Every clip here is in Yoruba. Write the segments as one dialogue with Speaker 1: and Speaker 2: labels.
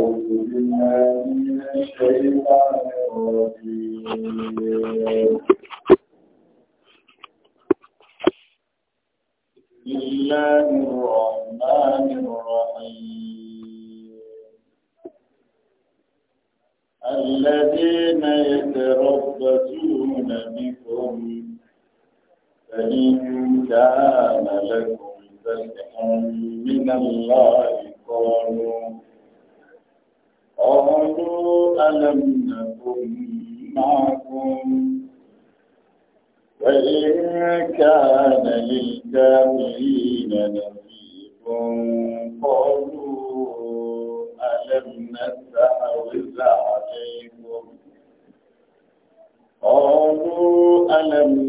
Speaker 1: بسم الله الرحمن الرحيم الذين يتربصون بكم فإن كان لكم فتح من الله قالوا قالوا ألم نكن معكم وإن كان للكافرين نصيب قالوا ألم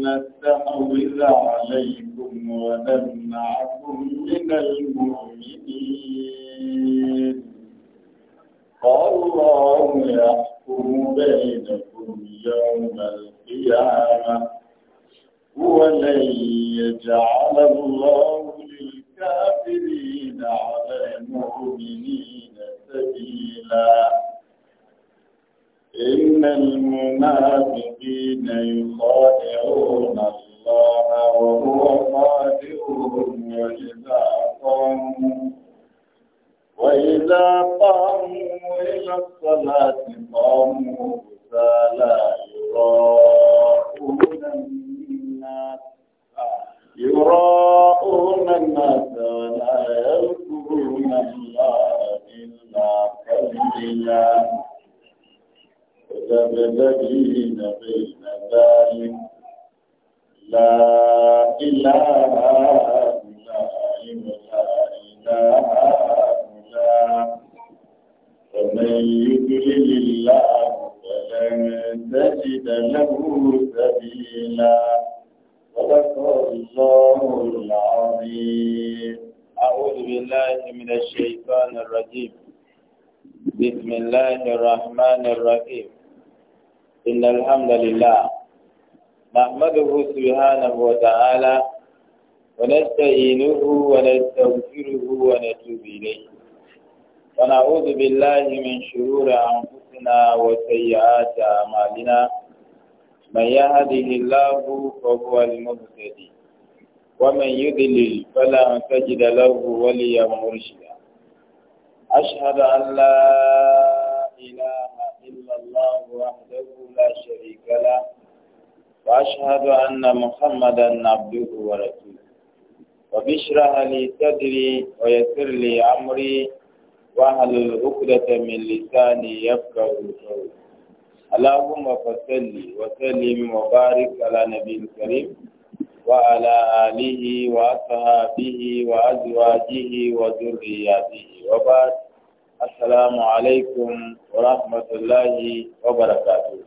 Speaker 1: نستحوذ عليكم عليكم ونمنعكم من المؤمنين الله يحكم بينكم يوم القيامة ولن يجعل الله للكافرين على المؤمنين سبيلا إن المنافقين يخادعون الله وهو خادعهم وإذا قاموا
Speaker 2: وإذا
Speaker 1: قاموا إلى الصلاة قاموا كسالى يراءون الناس يراءون الناس ولا يذكرون الله إلا قليلا وتبتغين بين ذلك لا إله إلا إله ومن يضلل الله فلن تجد له سبيلا صدق الله العظيم أعوذ بالله من الشيطان الرجيم بسم الله الرحمن الرحيم إن الحمد لله نحمده سبحانه وتعالى ونستعينه ونستغفره ونتوب إليه ونعوذ بالله من شرور أنفسنا وسيئات أعمالنا
Speaker 2: من يهده
Speaker 1: الله فهو المهتدي ومن يضلل فلا تجد له وليا مرشدا أشهد أن لا إله إلا الله وحده لا شريك له وأشهد أن محمدا عبده ورسوله وبشرح لي صدري ويسر لي أمري واهل عقدة من لساني يفقه قولي اللهم فصل وسلم وبارك على نبي الكريم وعلى آله وأصحابه وأزواجه وذرياته وبعد السلام عليكم ورحمة الله وبركاته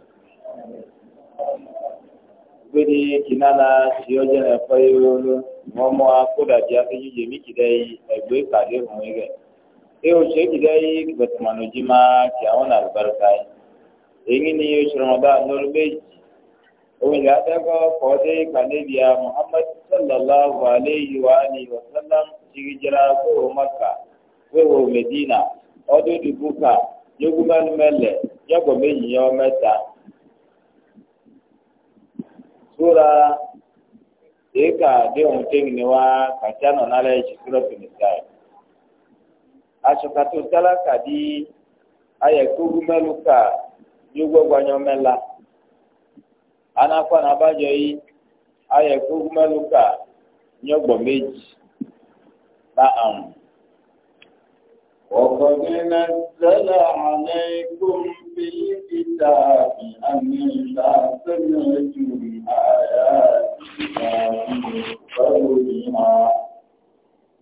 Speaker 1: gbede kinana tí ó jẹ́ ẹ̀fọ́ yìí lónú wọ́n mú akódàbí akéjì jèmí kìdá yìí ẹ̀gbẹ́ ìpàdé yau sheki dai ba ta manoji ma ki a wani albarka yi in yi ni yau ramadan nol meji ohun ya daga kode ga nabiya muhammad sallallahu alaihi wa alihi wa sallam jigi jira ko makka ko medina ọdún ìdìbòkà yogunmẹnu mẹlẹ yọgbọ méjì yọ mẹta sóra èékà déhùn téyìn ni wá kàtí àná nálẹ ìṣèkúrọ fìlìsáì. asokatò tálákà di ayẹkógu mẹlúkà yógbọgbanyọ mẹla anakọ nabadzọ yi ayẹkógu mẹlúkà nyọgbọ méjì bá àrùn. وقد نزل عليكم في الكتاب أن لا سمعتم آياتنا من قولها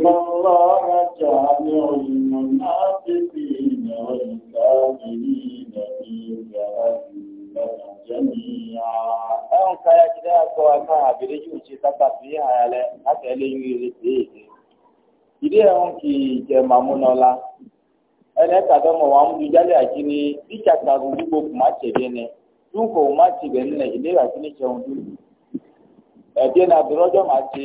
Speaker 1: إن الله جامع المنافقين والكافرين في جهنم a أن كيكدا كوانا بريجوشي àti ní gbogbo ẹni ní dúró ti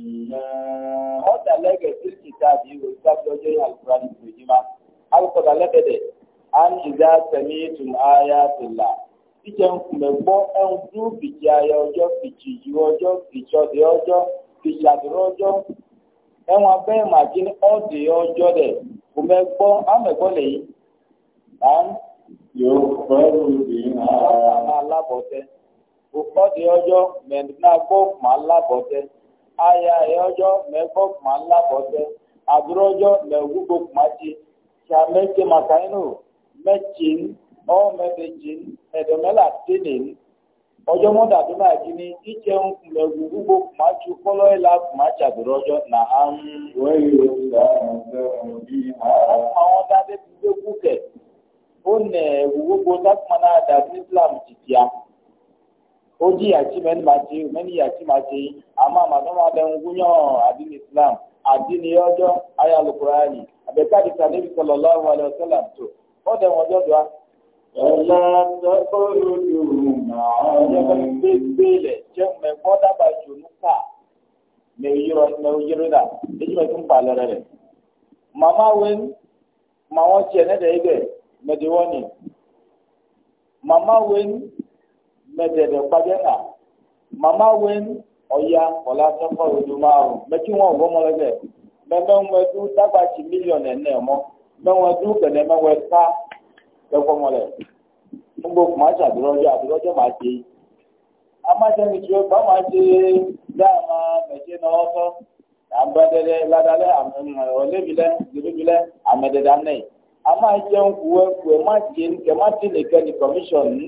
Speaker 1: ọta lẹgẹ sirki taabi wòle taabi ọjọ yẹn alukurani kò yí ma alukọta lẹgẹ da an a sẹmi tún aya ti site ìjẹ gbọ ẹn dúró fìjì ọjọ fìjì ju ọjọ ọjọ ọjọ ẹn ọdẹ ọjọ dẹ gbọ yóò òkọ́ di ọjọ́ aya ọjọ́ mẹ́gbọ́ kùmà ńlá bọ́tẹ́ àdúrà ọjọ́ mẹ́gbúgbò kùmà ti ṣe àmẹ́tẹ́ màkàínù mẹ́tìn ọ́mẹ́bẹ̀jìn ẹ̀dọ̀mẹ́là tẹ́lẹ̀ ọjọ́ mọ́tà tó náà kí ni ìjẹun mẹ́gbúgbò kùmà ti kọ́lọ́ ìlà kùmà ọjọ́ nà á ń wẹ́yọ̀ ọ̀gá ọ̀gá oji yachi meni machi meni yachi machi ama madama adini islam adini yojo aya alqurani abeka di nabi sallallahu alaihi wasallam o de wojo do Ẹ̀la tọ́kọ̀rọ̀ yòrò náà. Ọ̀yẹ́fẹ́ gbégbé lẹ̀ jẹ́ mẹ́gbọ́n ká èyí ń Màmá wẹ́n màwọn tiẹ̀ Màmá wẹ́n mẹdẹdẹ kpadẹ na mama wen ọya kọla sẹfọ odo ma o mẹtí wọn wọ mọlẹbẹ mẹmẹ wọn du dagbatsi mílíọnù ẹnẹ mọ mẹwọn du kẹlẹ mẹwọn ká ẹkọ mọlẹ ŋgbó kò máa ṣàdúrọ́jọ́ àdúrọ́jọ́ máa ṣe amájẹni tí ó bá máa ṣe dáàmà mẹ̀jẹ̀ náà ọ̀tọ́ àbẹ̀dẹ̀dẹ̀ ládàlẹ̀ ọ̀lẹ́bìlẹ̀ lẹ́bìlẹ̀ àmẹ̀dẹ̀dẹ̀ anẹ̀ àmà jẹun kù ẹ̀ kù ẹ̀ má ṣe kẹ̀ má ṣe nìkẹ́ ní kọ̀míṣọ̀n ní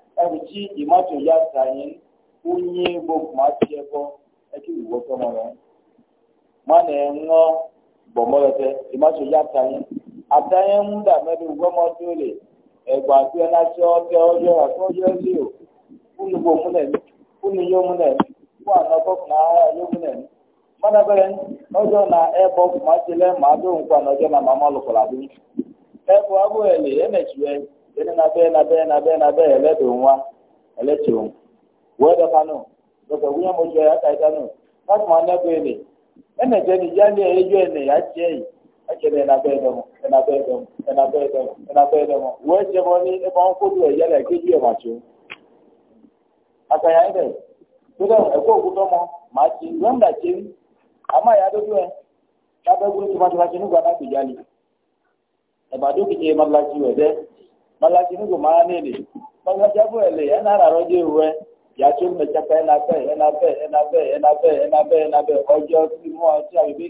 Speaker 1: ẹ̀rìtí ìmọ̀tò ya sàyìn ó nyé gbogbo máa ti ẹ̀kọ́ ẹ̀kí ìwọ sọmọ rẹ̀ má nà ẹ̀ ńlọ gbọ̀mọ́ rẹ̀ tẹ ìmọ̀tò ya sàyìn àtàyẹ̀ ń dà mẹ́rin ìwọ́mọ́ tó lè ẹ̀gbà tó ẹ̀ náà ṣe ọ́tẹ ọjọ́ àtọ́ o bò yó àná náà yó na ẹ̀ màá na màá má lọ bene na bee na bee na bee na bee eledo nwa elechi onwe wee dọkanụ dọka ene e eju ene ya yi ekele na bee dọmụ na bee na na ebe ọ nkwụdụ eyele keju emachi o aka ya ede ma chi ama ya ya na malaki nugo maani ni magajabu ele yana raroje uwe ya tu mechapa yana pe yana pe yana pe yana pe yana pe yana pe ojo si mo ati abibi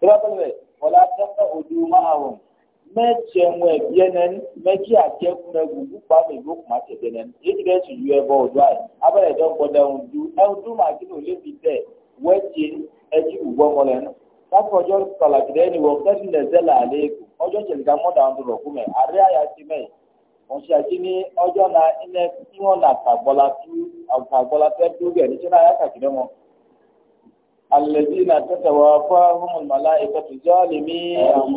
Speaker 1: pele wala ti ọjọ́ ọjọ́ ìṣẹ̀lẹ̀dá mọ́ta ń dọ̀rọ̀ fún mi àárẹ̀ àyà ti mẹ́ wọ́n ṣe àti ní ọjọ́ na ilẹ̀ tí wọ́n nà tàgbọ́lá tú àgbàgbọ́lá fẹ́ tó bẹ̀ níṣẹ́ náà yàtọ̀ kìlẹ̀ wọn. alẹ́bí na tẹ́tẹ̀ wọ fọ́ ọmọọmọ mọ́lá ìkọtù jọ́ lè mí àwọn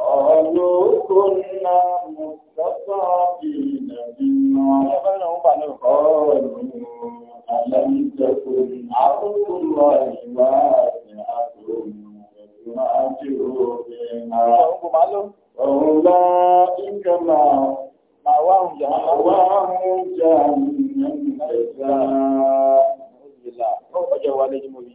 Speaker 1: Ọ̀rọ̀ tó ńlá mọ̀sọ́sọ́ bí ìdàbí náà. Ọ̀rọ̀ náà ń bà náà. Ọjọ́ wa lójú mo rí.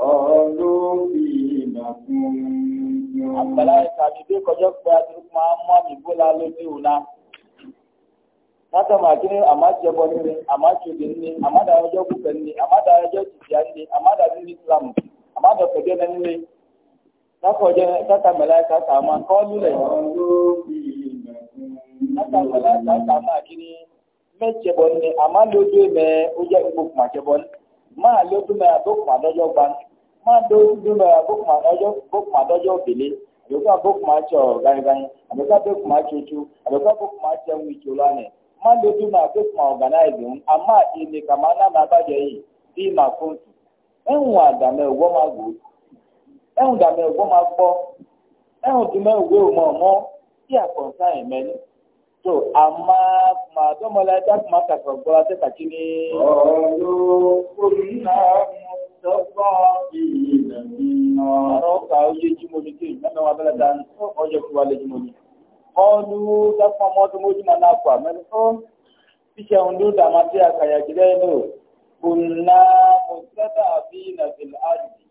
Speaker 1: قالوا فيما كنتم Àgbàláyé tàbí bí kí ni àmájẹbọ nílé, àmájòdì nílé, àmádàájọ́ kúkẹ́ nílé, àmádàájọ́ jìjìá nílé, àmádàájọ́ ní Ìsìlámù, àmádọ̀kẹ́ jẹ́ nílé. Lákọ̀ọ́jẹ́ tátà mẹ́láyé tátà máa kọ́ lulẹ̀. Tátà kí ni mẹ́jẹbọ ní máa do dúró ẹ̀ bókùmá dọ́jọ́ òbílẹ̀ àbẹ̀ká bókùmá tsọ gánigányi àbẹ̀ká bókùmá tsotso àbẹ̀ká bókùmá tsẹ ń wìtso lánẹ̀ máa do dúró ẹ̀ bókùmá ọ̀gánáìzì ń àmà ìní kàmá nàmà abájọ yìí bí mà fóòtù ẹ̀hùn àdàmẹ̀ ẹ̀wọ́ máa gbó ẹ̀hùn àdàmẹ̀ ẹ̀wọ́ máa gbọ́ ẹ̀hùn dùmẹ̀ ìwé òmò ọ̀mọ́ tí àkọ̀ǹtà ẹ̀ mẹ́ni tó àmà kùmà dọ́mọlá Ọ̀rọ̀ka oye jímoni tí mẹ́mẹ́ wa bẹ́lẹ̀ dáa ọjọ́ kí wa lè jímoni. Ọdún dápọ̀ mọ́ tó mójúmọ́ náà pà mẹ́rin tó fíṣẹ́ ohun tó dàmà tí a kàyà jìlẹ̀ inú. Kò ná mo sẹ́dà bí Nàìjíríà àdì.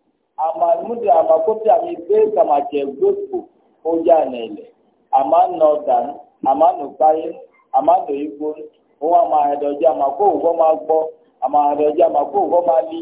Speaker 1: Àmà múdì àmà kó tí àmì gbé kàmàjẹ̀ gbòògbò ó yà nà ilẹ̀. Àmà nà ọ̀dàn, àmà nà báyé, àmà nà igbó. Òun àmà àdọ̀jẹ́ àmà kó òwò máa gbọ́, àmà àdọ̀jẹ́ àmà kó òwò máa lí.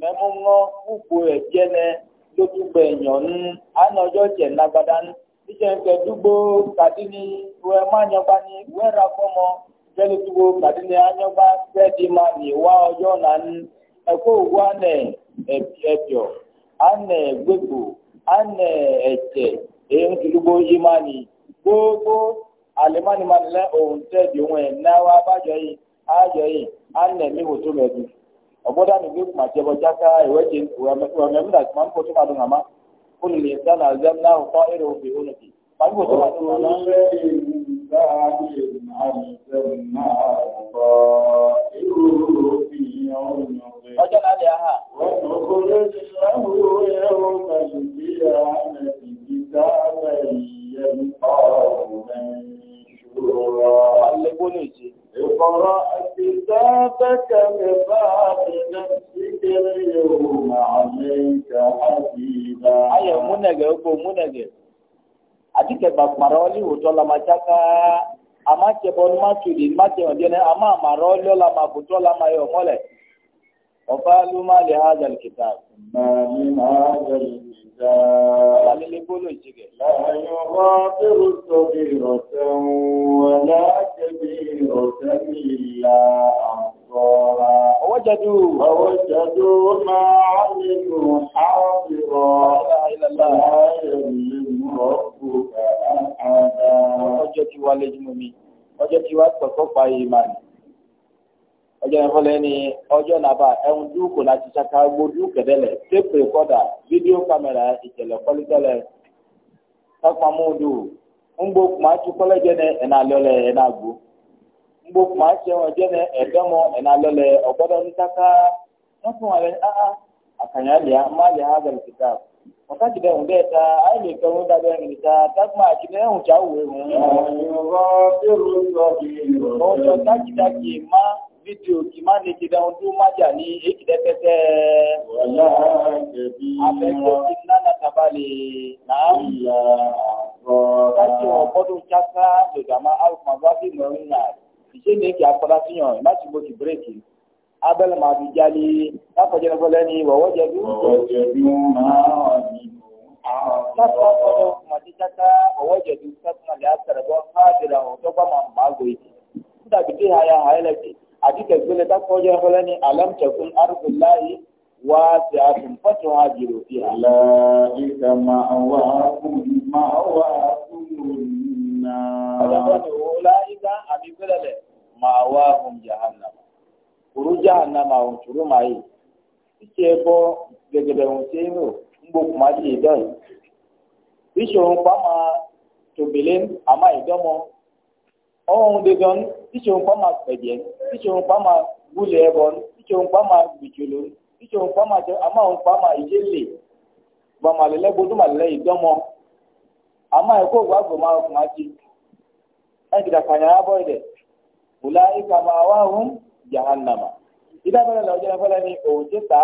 Speaker 1: mɛmu ŋɔ kpukpo ɛdiɛ nɛ lókùgbɛ nyɔnu anɔdzɔ tsɛ nagbada nu titɛnkɛ dugbo kadini wɛ manyɔgba ni wɛra fɔmɔ tɛlutugbo kadini anyɔgba ọjọ́ ma ni wa ɔdzɔ nanu ɛkó ni gbogbo ma yi yi mi oboda ni bi kuma jebo jaka eweje wamemda kumani ko tuma dunga ma kun ni sana zanna hu ta'iru bi unuki mani ko tuma dunga ma ọjọ́ náà lè ha. Wọ́n lè gbóná اقرأ كتابك ببعض نفسك اليوم عليك حسيبا أيوة منك أبو منك أديك بمرالي وطلمتك أما تبون ما تريد ما تبون أما مرالي لما بطول ما يوم ولد وقالوا ما لهذا الكتاب ما لهذا الكتاب لا يغادر صغيرة ولا كبيرة إلا أحصاها ووجدوا ووجدوا ما عملوا حاضرا لا يظلم ربك أحدا ọjọ́ tí wàá lẹ́jọ́ mi ọjọ́ tí wàá pẹ̀kọ́ pa ìmọ̀ ni. ọjọ́ yẹn fọlẹ́ ni ọjọ́ nàbà ẹ̀hún dúkù láti ṣaka gbódú kẹ̀dẹ́lẹ̀ tape recorder fídíò kámẹ́rà ìjẹ̀lẹ̀ kọ́lítẹ́lẹ̀ kápámúdù ńgbó kùmà tún kọ́lẹ́ jẹ́nẹ ẹ̀nà lọ́lẹ̀ ẹ̀nà gbó ńgbó kùmà jẹ́nẹ ẹ̀nà ọ̀gbọ́dọ̀ ní ṣaka àkànyà lìá má ha bẹ̀rẹ̀ kìtà wákàtí bẹ́ẹ̀ ta lè dábẹ́ ẹ̀rìn jáwèé wọn. má video kimani kidaundu majani ikidetete afeko kinana tabali naam kati ọgbọdọ chaka dodama alukuma gbadi mọrin na ìṣe ní kí akọlá fihàn láti bó ti bírèkì abẹ́lẹ̀ máa fi jáde láfọ̀jẹ́ nífọ̀lẹ́ ni wọ̀wọ́ jẹ̀bi. sáfù akọ̀dọ̀ kùmàdé chaka wọ̀wọ́ jẹ̀bi sáfù náà lè àtẹ̀rẹ̀gbọ́n fáadìrà ọ̀dọ́gba máa máa gbòye. nígbà gbèdé àyà àyẹ̀lẹ̀ gbèdé àdìkẹ gbélé takọjọ fẹlẹ ní alamtẹkùn arúgbóláyé wá sí àtúntò àjèrò fi hàn. ìlà ìkà máa wà fún máa wà fún nà. ọ̀dọ́gbọ́n ni òun láyíká àbí gbélẹ̀lẹ̀ máa wà fún jahannama. kùrú jahannama òun tùrú màá yìí. títí ẹ bọ́ gẹ́gẹ́dẹ́ òun ṣe é nù ń gbókùn má sí ìdán yìí. bíṣọ̀ òun pa máa tòbílẹ̀ àmà ìdánmọ́. ọhụrụ dị gọn iche nkwa ma kpedie iche nkwa ma gwulie ebon iche nkwa ma gbichulu iche nkwa ma ama nkwa ma ijele gba ma lele gbodo ma lele idomo ama ekwe agwụ ma ọkụ ma e ka abụọ ide ịka ma jahannama la ọjọ efere ni òun ti ta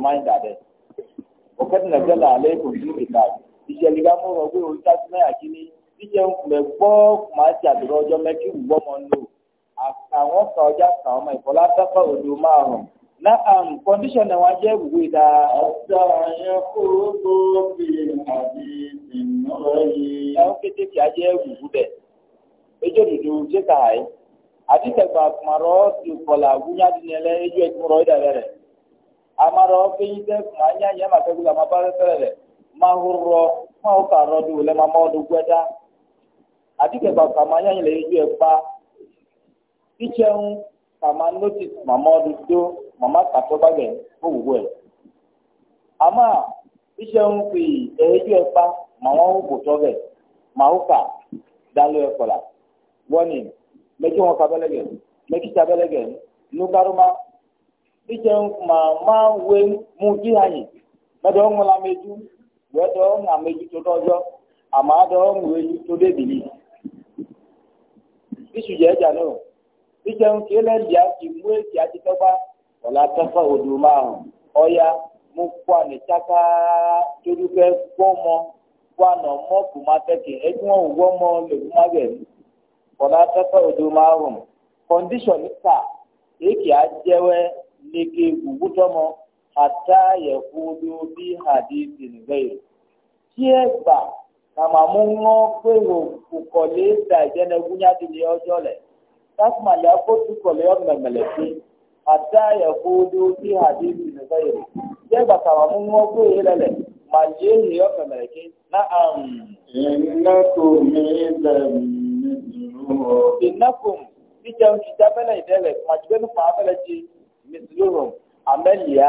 Speaker 1: ma dị jela ala ekwu ìjẹ mẹ gbọ́ kùmà ti àdúrà ọjọ́ mẹ kí wùgbọ́ a nù àwọn kan ọjà kan ọmọ ìfọlá sáfà òdo máa rùn um, náà kọndíṣọ̀nù wọn jẹ́ ìwé ìdá. ọ̀sẹ̀ àyẹ̀ kúrò tó fi àbí ìnáwó yìí. ẹ̀rọ kété ìwú bẹ̀ ejò ṣé ti wúnyádìnnẹ́lẹ́ ejò ìdàrẹ́ rẹ̀ ma fɛ kula ma ba fɛ fɛ lɛ ma ma wo ka rɔ ma àdìgẹ gbàgbà máa yàn lè yọ ẹgbà ìṣẹun kàmá notice ma ọdún tó màmá kàtó bàgẹ gbogbo ẹ àmà ìṣẹun fi ẹyọ ẹgbà màmá òkò tọbẹ màwùkà dálọ ẹkọlà wọnìn mẹkí wọn kàbẹlẹgẹ mẹkí tàbẹlẹgẹ n'ọzọ ama bisu yɛ dza no bidze ŋuti lɛ lia imue tia ti tɔgba wòle atɛfɛ odo ma o ɔya mo kó ane tsaka kɛ kó anɔ mɔ wò le kuma gɛ wòle odo ma o ta eke adzɛwɛ neke ata yɛ bi hadi ti yi gba. kama mu ŋɔ kpe o kukɔli da dze ne gunya di li ɔdzɔ le takuma le akotu kɔli ɔmeme le fi ata yevu do ti ha di ti ne fɛ yele dze gba kama mu ŋɔ kpe wo yele le ma dze li ɔmeme le fi na am. ìnáko mi lè mú o. ìnáko mi jẹun ti dza bẹlẹ yi dẹ lẹ kuma ti bẹ nu fa bẹlẹ ti misiliru amẹlia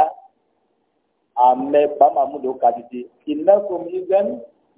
Speaker 1: amẹ bamamu do kadidi ìnáko mi lè mú.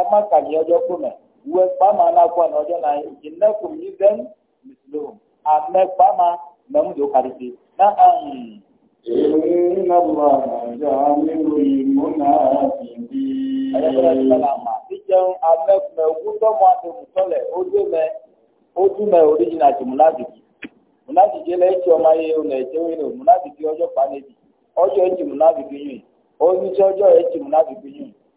Speaker 1: ẹmá kàní ọjọ́ kú mẹ́ wọ pàmà anakọ ní ọjọ́ náà ìnẹ́kùn yìí bẹ́ẹ̀ mùsùlùm àmẹ́ pàmà mẹ́múdò kàdìsí náà ààrùn. إن الله جامع المنافقين. أيها السلام. Ìjẹun amẹ́kùnmẹ́ owó tọ́mọ àtẹ̀mùsọ́lẹ̀ ojú mẹ́ ojú mẹ́ oríjìnà àti múnádìkì. ọmọ ayé yìí. yìí.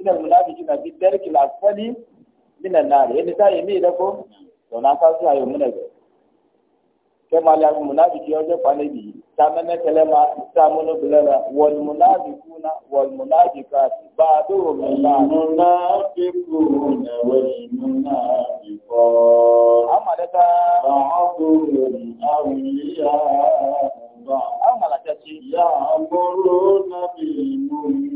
Speaker 1: من المنافقين في الدرك الأسفل من النار يعني تاي مي لكم ونا كاسو أيو من ذلك كما لا المنافق يوجد فنبي تمام كلمة تامون بلغة والمنافقون والمنافقات بعضهم من بعض المنافقون والمنافقات أما لك بعضهم أولياء بعض أما لك يأمرون بالمنكر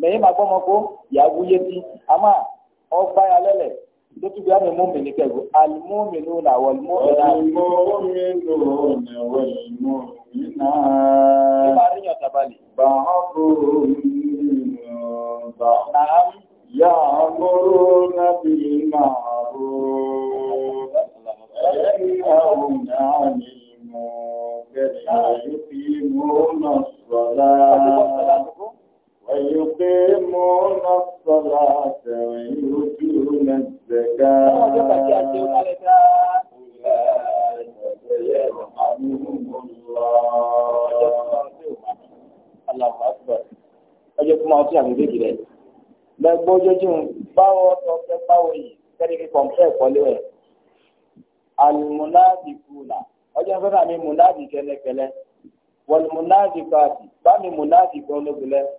Speaker 1: mɛ ema gbɔ mɔ ko yawu yeti ama ɔgba ya lɛ lɛ lótúbi àmì mú mi ní kẹgù alimú mi nù nà wọlimú mi nà. alimú mi nù nà wọlimú mi nà. ìgbà ní yàn tabali. bàbá mi yà á múrò nàbí màrú. ẹ̀yìn àwọn náà ni mo kẹ́lẹ́ yóò fi mú nà sọ̀rọ̀. ويقيمون الصلاة ويؤتون الزكاة أولئك يرحمهم الله الله أكبر ọjọ́ kó máa tún àgbègbè yìí rẹ̀ lẹ́gbọ́n ojoojúmọ́ báwo sọ pé báwo yìí kẹ́ni kí kọ̀ǹpẹ́ ìkọ́lé rẹ̀ alimunadi kuna ọjọ́ fẹ́ bá mi munadi kẹ́lẹ́kẹ́lẹ́ wọ́n munadi paati bá mi munadi kọ́ lóbi lẹ́yìn.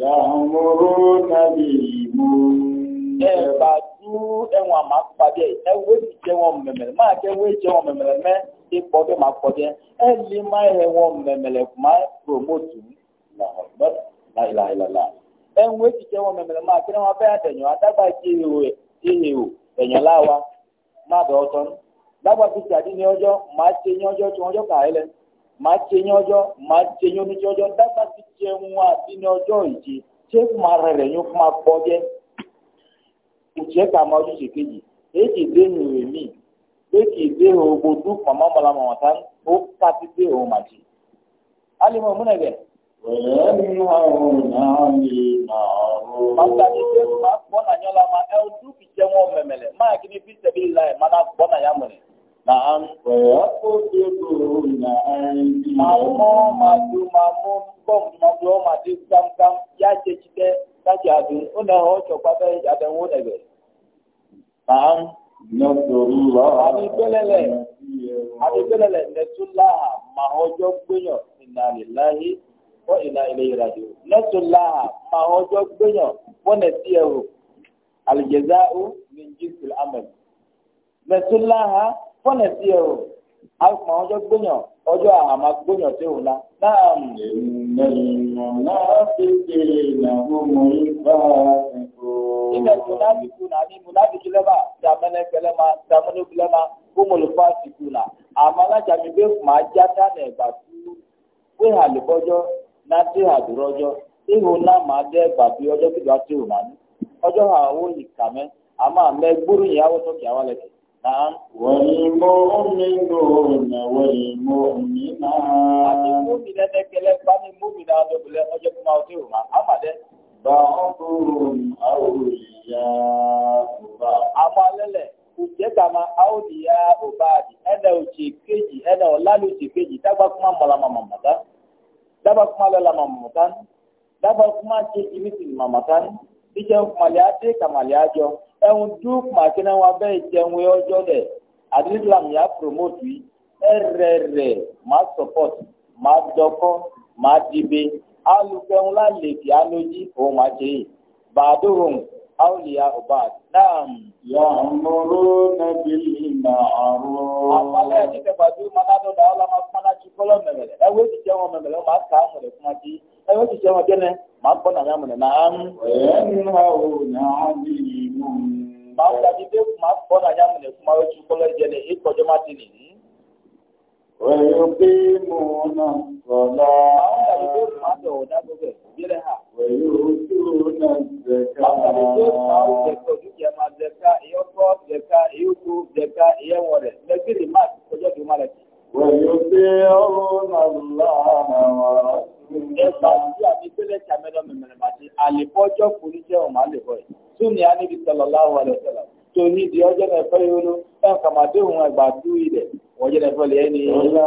Speaker 1: Yàmúrúnà bí mú. Ẹ bá dú ẹ̀wọ̀n àmà pàdé ẹ wé ti jẹ́ wọn mẹ̀mẹ̀lẹ̀ máa jẹ́ wé jẹ́ wọn mẹ̀mẹ̀lẹ̀ mẹ́ ipò ọdún máa pọ̀ jẹ́ ẹ lè má ẹ wọn mẹ̀mẹ̀lẹ̀ máa promote láìláìláìlá. Ẹ wé ti jẹ́ wọn mẹ̀mẹ̀lẹ̀ máa kí wọ́n fẹ́ àtẹ̀yìn àdágbà jẹ́ ihò ẹ̀yàn láwa má bẹ̀ ọ́ tán. Dábàá fi ṣàdí ní ọjọ́ máa ṣe ní ọjọ́ tí wọ́n jọ kà á lẹ́nu máa tse yín ọjọ́ máa tse yín oníjẹ ọjọ́ dábàá ti tse ń wá sí ní ọjọ́ ìje tse kuma rẹ rẹ yín kuma kpọ́ jẹ́ òtún ká máa ojúṣe kejì èkì dé nìyẹn mi èkì dé ògbó dún màmá mọ̀lá màmá tán ó ká ti dé òun mà jì alimọ̀ múnẹ̀gẹ̀. Màtàdé dé kuma kpọ́ nàyọ́ la ma ẹ̀ ọdún fi jẹ́ wọn mẹ̀mẹ̀lẹ̀ máa kí ni bí sẹ́bi la yẹ máa kpọ́ nàyà mọ̀lẹ̀. Àwọn madu mamu bọ́m madu ọmọdé gbamgbam yá jẹ jíjẹ láti àdùn ó náà ọjọ́ pápẹ́ àbẹ̀wò ẹ̀gbẹ̀. Màá nọ́tòrú lọ. Àbí gbẹ́lẹ̀lẹ̀ àbí gbẹ́lẹ̀lẹ̀ nẹ́túlá màá ọjọ́ gbẹ̀yàn ìnà àlèláyé wọ́n ìnà ilé ìrìnàjò. Nẹ́túlá màá ọjọ́ gbẹ̀yàn wọ́n nẹ̀ sí ẹ̀rù àlìjẹ̀dá ó ní jíìsì àmẹ̀. Nẹ́túlá fọ́nà sí ẹ o àpò ọjọ́ gbóyàn ọjọ́ àmà gbóyàn tí ò la. Ilẹ̀ munafiku na ni munafiku lẹ́bà dàmẹ́lẹ́kẹ́lẹ́ ma dàmẹ́lẹ́kẹ́lẹ́ ma kómọlùfà na àmọ́ alájàmí bẹ́ẹ̀ máa já dáná ẹ̀gbà tú pé àlùbọ́jọ́ náà dé ihò náà dé ẹ̀gbà bí ọjọ́ tí ò máa ní ọjọ́ àwọn òyìnká نعم والمؤمنون na المؤمنات كلام بني ẹ̀hún dúró màkì náà wọn abẹ́ ìjẹun ọjọ́ dẹ̀ adrilam yà promote yìí ẹ̀rẹ̀ rẹ̀ máa support máa dọ́kọ́ máa dìbe alùpẹ̀hún lálẹ́ kí alójì òun máa ṣe yìí bàdóhùn أولياء بعض نعم يأمرون بالمعروف أما لا يجب بدو ما نادو دعوة ما كنا تقولون مبلة لا وجد جوا مبلة ما كانوا لكم تي لا وجد جوا جنة ما كنا نعمل نعم وينهون عن المنكر ما ولا جدك ما كنا نعمل لكم ما وجد كل جنة إيه كجماعة تنين ويقيمون الصلاة ما ولا جدك ما تقولون مبلة dirha. ويؤتون الزكاة. ويطيعون الله ورسوله. Ẹ̀ka tí a ti gbélé kàmẹ́lọ́ mẹ́mẹ́rẹ́mà ti àlèkọ́jọ́ kò ní jẹ́ ọ̀mà àlèkọ́ yìí. Súnmi á níbi sọ̀lọ̀ láwọ̀ àlọ́sọ̀lọ̀. Tòní di ọjọ́ náà fẹ́ yóò ló. Ẹ̀ka màdéhùn ẹgbàá tú ilẹ̀. Wọ́n jẹ́ náà fẹ́ lẹ́yìn ní. Ọlá.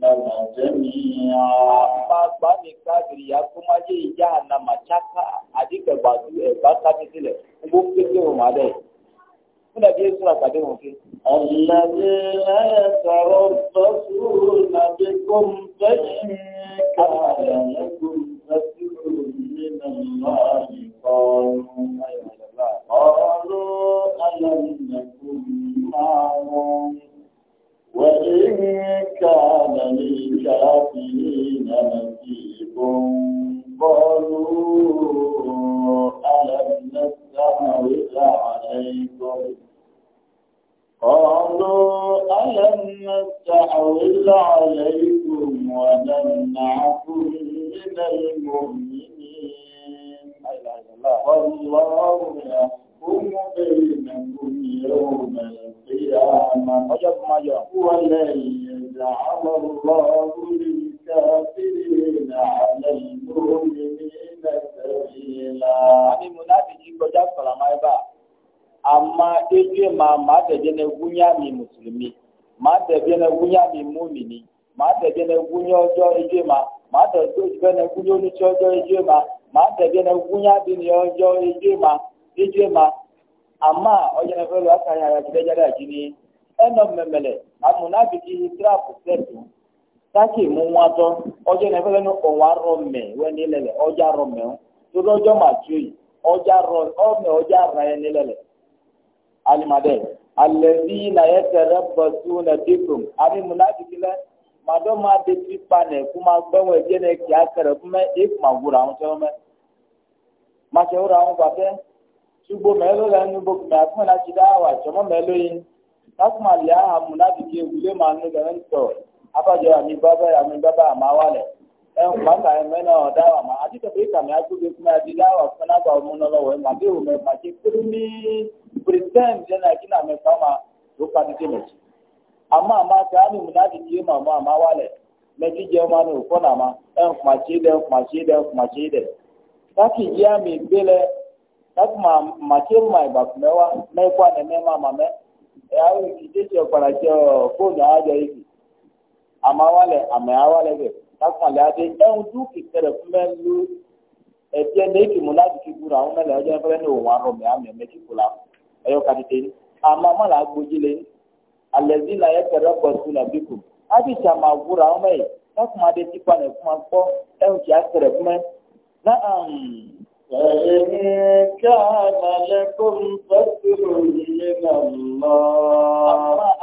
Speaker 1: jahannama jamiya. Àpapọ̀ mi káàkiri ya kó má yé ìjà ànàmà ṣáká àdìgbàgbàdú ẹ̀bá sábẹ́ sílẹ̀. Gbogbo kékeré wọn máa dẹ̀. Fún dàbí Yéṣu àgbàdo wọn fi. Àlàyé ẹ̀ sọ̀rọ̀ tọ́sù nàbí kó ń fẹ́ yín ká ẹ̀lẹ́gùn tọ́sù nínú láàyè kọ́ọ̀lù. Ọ̀rọ̀ àlàyé nàkó máa wọ́n. وإن كان للكافرين نصيب قالوا ألم نستعرض عليكم ma ma dẹbi ne gunya mi musulumi ma dẹbi ne gunya mi mumini ma dẹbi ne gunya ọjọ ejo ma ma na ne gunya ọjọ ejo ma ma dẹbi ne ọjọọ bi ọjọ ejo ma ejo ama ọjọ ne aka ya ya kidẹ jada ji ni ẹnọ mẹmẹlẹ amunabiki trap sẹtu taki mu wọn ọjọ na fẹlẹ nu ọwọ arọ mẹ wẹni lẹlẹ ọjọ o ma tso yi ọjọ arọ ọmẹ ọjọ arọ alimade alẹ́bí nàyẹ tẹ̀rẹ̀ bọ̀ sí ọ̀nà dìkùn àmì múnádìkì lẹ màdó máa de tí panẹ̀ kó máa gbẹ́wọ̀n ẹ̀jẹ̀ náà kì á kẹrẹ̀ fún mẹ́ èkó máa wúra àwọn tẹ́wọ́ mẹ́ máa ṣe wúra àwọn pàtẹ́ ṣùgbọ́n mẹ́ ló lẹ́nu gbogbo mẹ́ àfún ìlà ti dá àwà ìṣọ́mọ́ mẹ́ lóyin lásìkò àlẹ́ àmúnádìkì ewúlé máa ń lé lẹ́nu àmì bábá àmì bábá àmà wálẹ̀ ɛn maka ɛmɛ na dawa ma ati tɛfɛ ikame agbege kuma adi dawa fana ba ɔmu mi pretend yɛ na kina mɛ fama o ka di tɛmɛ tsi ama ama tɛ ani mu na di tie ma ma ama wa lɛ mɛ ti dze ma no fɔ na ma ɛn kuma tse dɛ kuma tse dɛ kuma tse dɛ kaki dzi ami gbe lɛ kaki ma ma tse ma ba kumɛ wa mɛ kɔ anɛ mɛ ma ma mɛ ɛ awo yi ti tse kpara tse ɔ fone ayɔ yi ama wa lɛ ame kakpali adi ɛŋu du keke ɖe fi mɛ lu ɛdiɛ ne eke mo la di ke gbura awo mɛlɛ ɔdi ɛfɛ ne wo wa rɔ mɛ amɛ mɛ keko la ɛyɔ katite ama ma la gbodzi le alɛvi la yɛ kɛrɛ kɔsu la bi ko adi tsa ma gbura awo mɛ ti kpa ne kuma kpɔ ɛŋu tsi asɛ ɖe fi na am. فإن كان لكم فتح من الله أما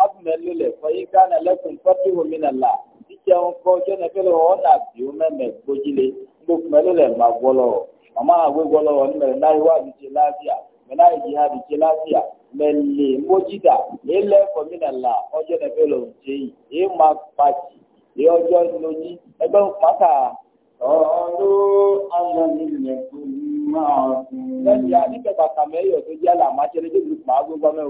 Speaker 1: أبمل فإن كان لكم فتح من الله ìjẹun kọ jẹnẹkẹlẹ wọn nà bí ó mẹmẹ gbójúlé gbókùnmẹlẹ lẹ máa gbọlọ màmá àgbẹ gbọlọ wọn mẹ náà wà ní ti láàbíà mẹ náà hà ní ti láàbíà mẹ lè ilẹ kọmínà là ọjọ ṣe yìí máa ọjọ ẹgbẹ ọ̀rọ̀ máa fún mi. lẹ́yìn bàtà mẹ́yọ̀ tó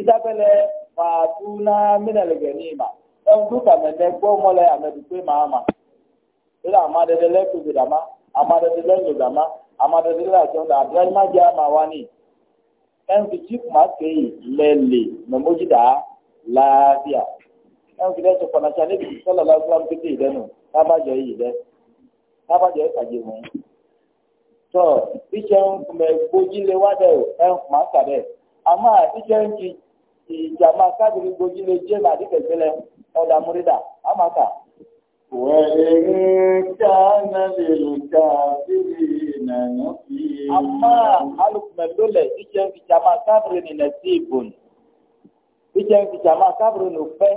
Speaker 1: idabɛlɛ faatuna minɛlɛgɛ nima ɛnudu kamɛnɛ gbɔmɔlɛ amɛdugbe maama ɛlɛ amadede lɛ tobi dama amadede lɛ lo dama amadede lɛ adzɔ da adrayima di ama wani ɛnudu tsi kuma keyi lɛli mɛmodzi daa laafia ɛnudu lɛ tso kpɔnatsa ne bi sɔlɔ la flam pete yi dɛ no kaba dzɔ yi dɛ kaba dzɔ yi kadzi mu tɔ itsɛ ŋkumɛ gbodzi le wa dɛ o ɛnkumaka dɛ amma ikenki jama kadiri gojile jema dikekele oda murida amaka وإن كان للكافرين نصيب أما ألوك ملولة إجن في جماعة كافرين نصيب إجن في جماعة كافرين نفه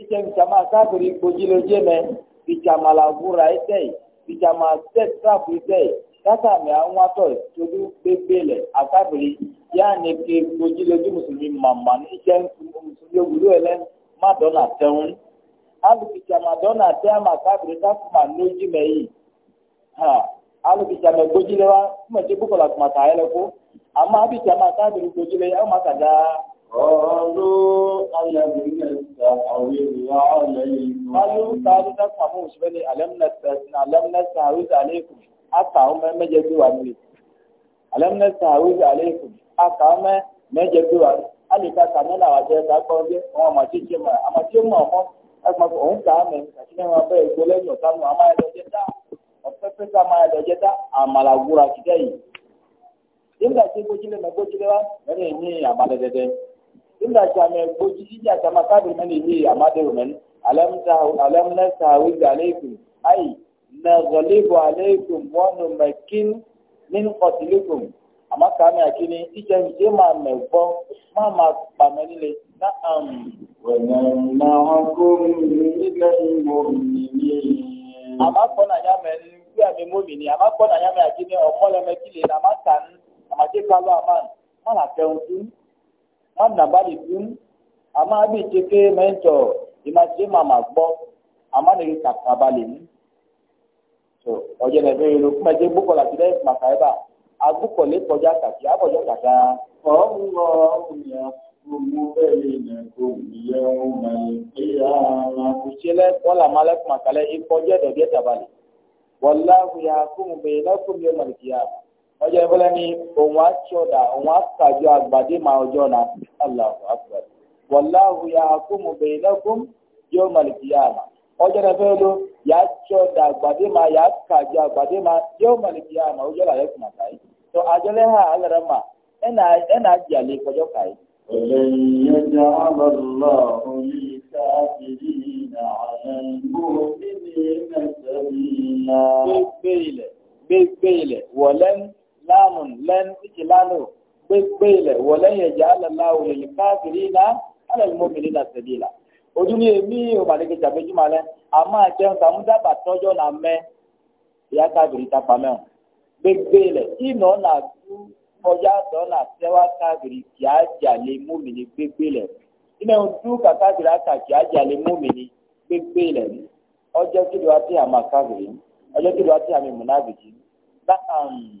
Speaker 1: إجن في جماعة كافرين بجيلو جيمة في جماعة لغورة إتي في جماعة ستراف إتي kátà mi àwọn atọ ìtòdú gbégbé àtàbìrì yáà ní ké gbojú lójú mùsùlùmí màmá ní iṣẹ mùsùlùmí òwúrò ẹlẹ mádọ́nà tẹun alùpùpù mádọ́nà àmà kábìrì káfùmà àmà gbojú lẹ wa kúmẹtì kúkọlà kùmàtà àmà alùpùpù aka ọmọ mẹjẹ gbé wa nílé alẹ́múnẹ́ sàn àwùjọ àléékùn aka ọmọ mẹjẹ gbé wa alìka kàmínà wà jẹ kakọ ọgbẹ wọn àmà tí tí mọ àmà tí mọ ọmọ ẹgbọn kò ń kà á mẹ àti ní wọn bẹẹ gbọlẹ ní ọtá mọ àmà ẹdọjẹ dá ọpẹpẹ ká àmà ẹdọjẹ dá àmàlà wúra kíkẹ yìí nígbà wa نغلب عليكم ونمكن من قتلكم أما كان يكيني إجن جمع مبو ما ما بمنيلي نعم ونمنعكم من المؤمنين أما كنا يعمل bí àmì mómìnì àmà kọ́nà yàmì àkíní ọ̀mọ́lẹ́mẹ́kìlì àmà kàn àmàjẹ́ kálọ̀ àmà má là kẹun dún má nà bá lè dún àmà bí ìjẹ́kẹ́ mẹ́ńtọ̀ ìmàjẹ́ so ọjọ na ebere lo kuma je gbukọ lati dẹ maka ebe a agbukọ le kọjá kàkí akọjọ kàkà. ọmọ ọmọ gbogbo bẹẹ lè kó ìyẹ ọmọ ìyá ọmọ. ìṣẹlẹ wọlé amalẹ kuma kalẹ ìkọjẹ dẹgẹ tabali wọlé awuya kóhùn bẹẹ lẹkọọ mi ọmọ ìkìyà ọjọ ìfọlẹ ni òun atsọdà òun akàjọ àgbàdé ma ọjọ na alahu akbar wọlé awuya kóhùn bẹẹ lẹkọọ mi ọmọ ìkìyà ọjọ́ náà fẹ́ ló yàá tsọ da gbàdé ma yàá kàjọ gbàdé ma yóò mọ̀ ní kíá ma ọjọ́ làyẹ̀ kùnà káyé tó àjọlẹ̀ hà alẹ́rẹ̀ ma ẹ̀nà ẹ̀nà jàlè kọjọ́ káyé. gbégbé ilẹ̀ gbégbé ilẹ̀ wọ̀lẹ́n láàmùn lẹ́n ìkìlánù gbégbé ilẹ̀ wọ̀lẹ́n yẹ̀jẹ̀ alẹ́ láwùlẹ̀ káfíìrì náà alẹ́ mọ́mìnira sẹ́bí la oduni emi obaleke tsabeji ma lɛ ama etsɛ nkamudaba tɔjɔ na mɛ ya ka viri ta kpamɛ o gbegbe lɛ inɔ na du kɔdza dɔ na tɛ wa ka viri tia dza le mumini gbegbe lɛ inɛ du kaka viri aka tia dza le mumini gbegbe lɛ ɔdzɔ kido ati ama ka viri ɔdzɔ kido ati ami munaviki bakan.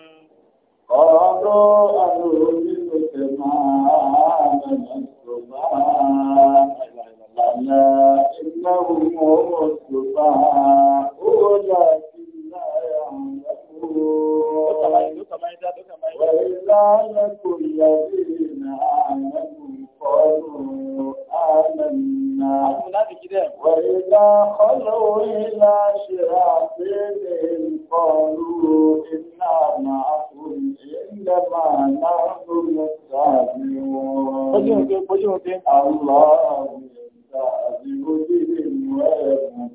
Speaker 1: ọ̀rọ̀ àrùn nínú tẹ̀ máa mẹ́lẹ̀ tó bá lálẹ́ iná òun ọmọ tó bá ó yà sí láyà àwọn ẹ̀kọ́. Wẹ̀lá lẹ́kọ̀ọ́ ìyàwó ìnà àwọn ẹ̀kọ́. قالوا آمنا وإذا خلوا إلى شياطينهم قالوا إنا معكم إنما نحن مستهزئون الله يستهزئ بهم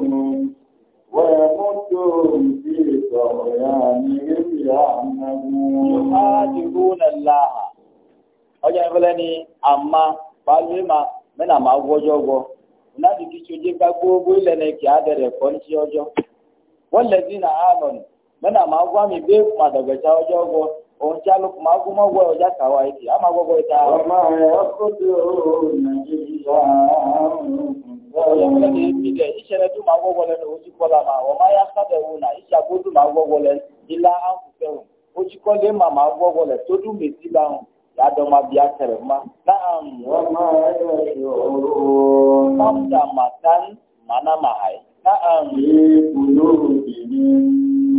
Speaker 1: ويمدون ويمدهم في طغيانهم يعملون يحادثون الله ọjọ́ ìfẹ́lẹ́ ni àmà pàlùmá mẹ́nà máa wọ́jọ́ wọ onáàdì kí gbogbo ilẹ̀ kọ́ ní ọjọ́ wọ́n lẹ̀ dín náà àmọ̀nù mẹ́nà máa wá mi bẹ́ẹ̀ kùmà dọ̀gbẹ̀ta ọjọ́ wọ òun tí a ló kùmà kú mọ́ wọ ọjà kàwá ìdí a máa gbọ́gbọ́ ìta. ọmọ ẹ̀ ọkọ̀ tó nàìjíríà ọlọ́mọdé ìpìlẹ̀ ìṣẹ̀lẹ̀ tó máa na lẹ́nu ojú máa wọ́n lẹ́nu ojú ya dama biya karama na'am wa ma yashurun tamda matan mana mahai na'am li qulubihim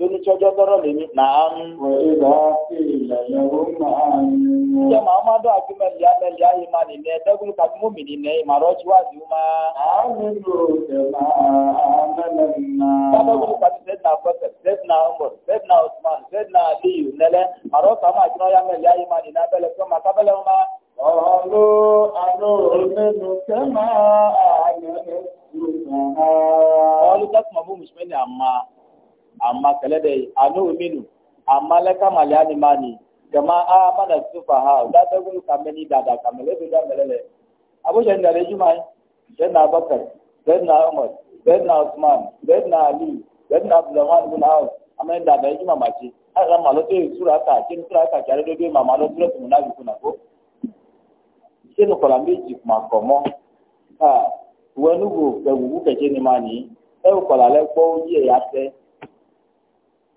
Speaker 1: lóní tí ọjọ́ tọrọ lèmi náà ń. ìgbà tí ìlànà ó máa ń mú. ṣé màá má dọ̀ àti mẹ́lì amẹ́lì ayé máa lè nẹ ẹ̀ẹ́dẹ́gbẹ̀rún tàbí mọ́mì ní nẹ ìmọ̀ràn ọjọ́ àti ọmọ. àánú ló ṣe máa amẹ́lẹ̀ náà. sábẹ́gbẹ̀rún pàtó sẹ́dínà fọ́sẹ̀ sẹ́dínà ọmọ sẹ́dínà osman sẹ́dínà aliyu nẹlẹ́ àrọ́ sàmà àti náà yàmẹ́lì ayé máa lè nẹ abẹ́lẹ̀ sọ́mà kábẹ́lẹ̀ ọmọ. ọ̀rọ̀ àlọ́ òmìnir kẹ́mà àyẹ̀lẹ̀ ṣùgbọ́n. ọlọ́dún tó kùmọ̀ fún mùsùlùmí ni àmà amma kale da anu minu amma la kama ya mani gama a ah, mana sufa ha da da gun kamani da da kamale da da malale abu jan da jumai dan na bakar dan na umar dan na usman dan na ali dan na abdulrahman bin auf amma da da mace ran ah, malo sura ta kin ma sura na ko ko lambe ji ma komo ha go da ka je ni mani ko ko yi ya te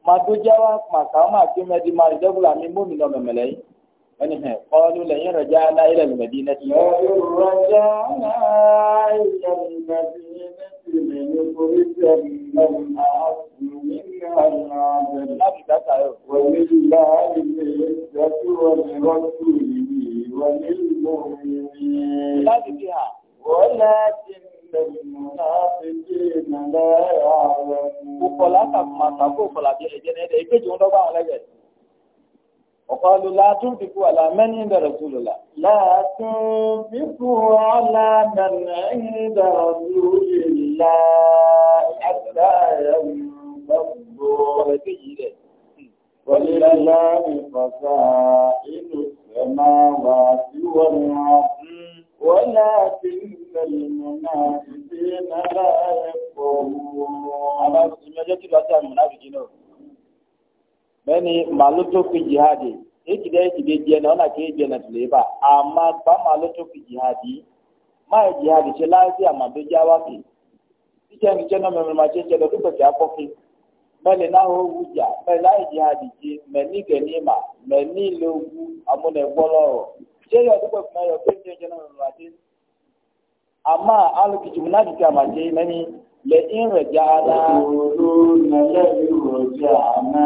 Speaker 1: madojawa makaama ati mɛdi ma dɛbula mi mú mi nɔ mɛmɛlɛ yi wani hɛ kɔɔlu lɛ yin rɔdza ala yi lɛ lɛ mɛdi nɛ ti. rɔdza ala yi lɛ mɛdi nɛ ti lɛ lɛ kori tɛ mɛ na mi na na bɛ. n'a Kọ̀lá màtàkó kọ̀lá bí ẹ̀jẹ̀ ní ẹ̀dẹ̀ ìkejì ń dọ́gba àwọn lẹ́gbẹ̀ẹ́. Ọ̀pọ̀lù látún fi kú àlà mẹ́ni ń dẹ̀rẹ̀ tó lòlá. Látún fi kú àlà mẹ́ni ń dẹ̀rẹ̀ tó lòlá. Àgbà ẹ̀rọ gbogbo ọ̀rẹ́ kejì rẹ̀. wọ́n ولكن المنافقين لا يفقهون أما سمجة na المنافقين bẹ́ẹ̀ni màálù tó fi jihadi ekide ekide diẹ náà na kí ebien ẹ̀tù lè bá àmà bá màálù tó fi jihadi máa jihadi ṣe láàbí àmàdójá wá kì títẹ̀ ní jẹ́ náà mẹ́rin máa ṣe ṣe lọ dúpẹ̀ kí á náà ó láì jihadi mẹ́ni gẹ̀ ní mà mẹ́ni lè amúnẹ̀gbọ́lọ́rọ̀ sheria kubwa tunayopenda jana mwaje ama alu kijumnadi kama je nani le in rajana na le rajana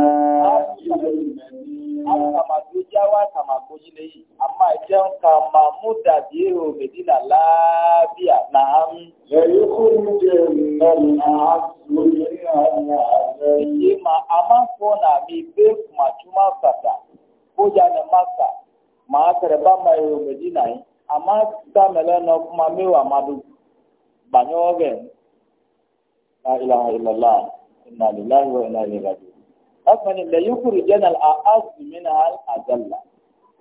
Speaker 1: kama tuja wa kama koji le ama je kama muda dio medina labia naam la yukhrijal min al-'azmi min al-'azmi ma ama kona mi be kuma tuma fata koja na masa màá tẹ̀rẹ̀ ma èrò méjì na yìí àmà dá mẹ́lẹ́ nọ kuma mẹ́wàá má dùn gbànyọ́ gẹ̀ la ilaha illallah inna lillahi wa inna ilayhi raji'un. ọkùnrin ilẹ̀ yìí a jẹ́nàl àásùmínà àjàlá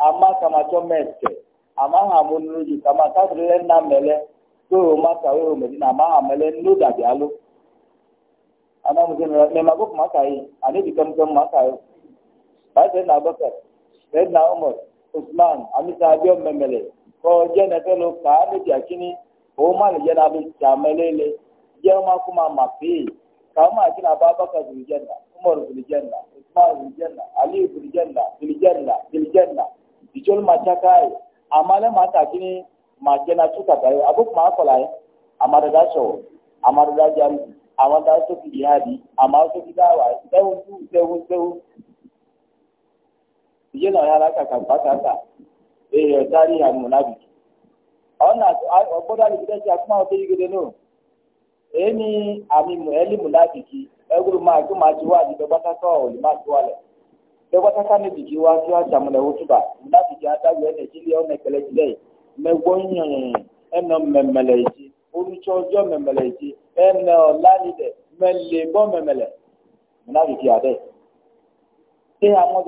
Speaker 1: àmà kàmàtọ́ mẹ́tẹ̀ àmà hàmú lójú kàmà o usman amisa abiyo mɛmɛlɛ kɔ jɛnɛ fɛ lo ka ale di akini o ma le jɛnɛ abe tsamɛlɛ le jɛma kuma ma pee kàwọn máa jìnnà ababakar zùlìjẹ́nà umar zùlìjẹ́nà usman zùlìjẹ́nà aliyu zùlìjẹ́nà zùlìjẹ́nà zùlìjẹ́nà ìjọba máa jáká yìí àmàlẹ́ máa tàkí ni máa jẹ́nà tún kàtà yìí àbúkù máa kọ̀là yìí àmàdàdà sọ̀rọ̀ àmàdàdà jáde àmàdàdà sókè yìí hàbí àmàdàdà sókè dáwà ẹ̀hún tún sẹ́hún sẹ́hún vijana wanalaka kampaka hata eh hatari ya mnafiki ona oboda nikitaji akuma otigide no eni eh, ami eli eh, mnafiki eguru eh, ma ku ma ti wa di be bata ko o ma ti wa le be bata ka ni biji wa ti wa chamule utuba mnafiki hata we ne jili o ne kele jile me gbonyan eno memele ji orucho ojo memele ji eno lanide mele bo memele mnafiki ade ṣe àwọn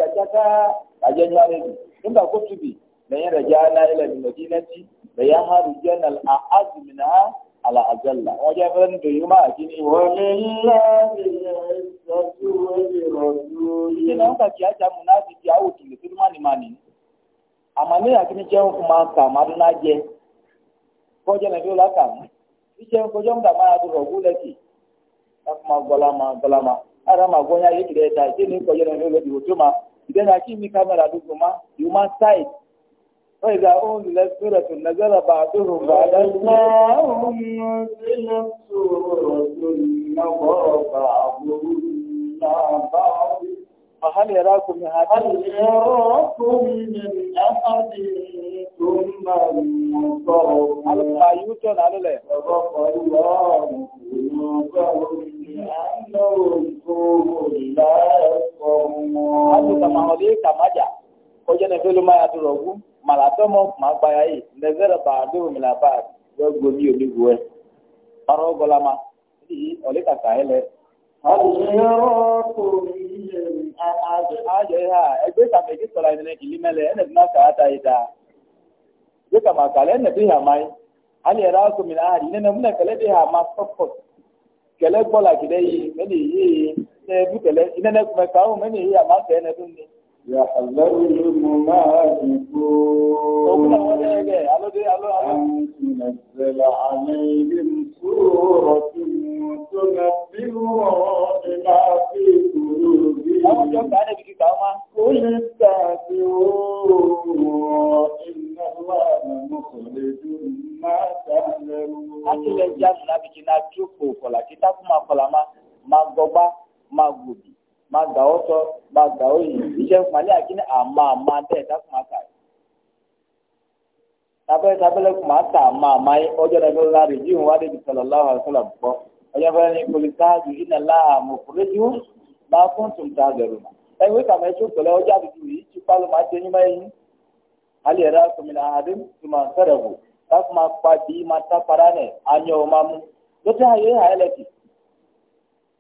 Speaker 1: kaje ni ale in ba ko tubi da yin rajana ila madinati da ya haru janal a azmina ala azalla waje ban da yuma a kini wa lillahi al-izzatu wa lirrasuli ina ka kiya ta munafiki awu tilisin mani mani amani akini jẹun kuma ka maduna jẹ kọjá nàbí ọlá kà mú ìjẹun kọjá ń gbà máa dùn ọgbó lẹkì ẹ kuma gbọlama gbọlama ara ma gbọnyá yìí kìlẹ̀ ẹ̀dá ìdí ni kọjá nàbí ọlọ́dì wò tó ma. idan aki mi kamar adu kuma human side fa iza un la suratu nazala ba'dhum ba'da فهل يراكم من أحد يراكم من أحد ثم على الله mi la ba egbe ka ekili mele na ka ataghị taa dị ka maka ala enebeghị amaghị a ama ere akụ mere aha ine na dị ha ama sọpọt kele gbọlagide yi mena ehihe ihe na-ebu kele ihe na-ekwume ka ahụ mena ehihe ama ka nne يحذره المنافقون أن تنزل عليهم سورة تنبئهم بما في قلوبهم قل استهزئوا إن الله مخرج ما تهزرون أكل الجنة بجنة جوكو فلا كتاب ما فلا ما ما غبا ما غبي ma ga ọtọ ma ga oyi iṣẹ kumali akini ama ama tẹ ẹta kuma ta yi tabẹ tabẹlẹ kuma ta ama ama yi ọjọ náà fẹlẹ lárí jíwọn wà lẹbi sọlọ lọwọ àfẹlẹ bọ ọjọ fẹlẹ ní polisa ju iná láà mọ kúrẹjú bá fún tòun ta gẹrù ma ẹgbẹ kàmá ẹtú pẹlẹ ọjọ àbùkù yìí tí pálọ máa tẹ ẹyìnmá yìí alẹ yẹrẹ akọmìnà àdé tuma fẹrẹ wò káfíńmá pa bíi ma ta para nẹ anyọ ọmọ mu lọtí ayé ayẹlẹtì.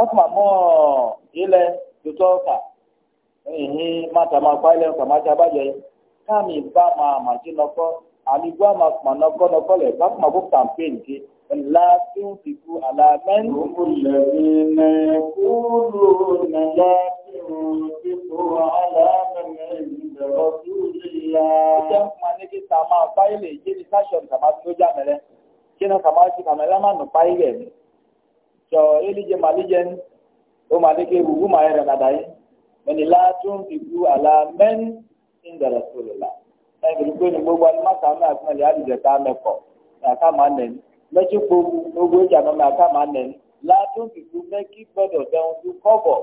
Speaker 1: asuma mɔɔ ilẹ tutɔ ka ehe mata ma kpa ilẹ kama tsa ba jɛ kami ba ma mati nɔkɔ amigo ama kuma nɔkɔ nɔkɔ lɛ kakuma ko campaign ke la tí o ti ku ala mɛn. gbogbo lẹbi nẹ kúrò nẹ tí o ti ku ala mɛn ìdọ̀rọ̀ tó lè jẹ́ kuma ní kí sàmà kpa ilẹ̀ yé ni sáṣọ̀ kàmá tó jà mẹ́rẹ́ kí ni kàmá ti kàmá ẹ̀ nù kpa ilẹ̀ mi tsɔ elidze malidze nu o ma ne ke wuwu ma yɛ rɛ nada yi mɛni la tún ibu ala mɛn ti dɛrɛ so le la ɛyìn kò ní gbogbo alima kan náà fún ɛlẹ alidze ká mɛ kɔ n'aka ma nɛ ni mɛtsi kpoku gbogbo edza mɛ aka ma nɛ ni la tún ibu mɛki gbɔdɔ dɛn du kɔbɔ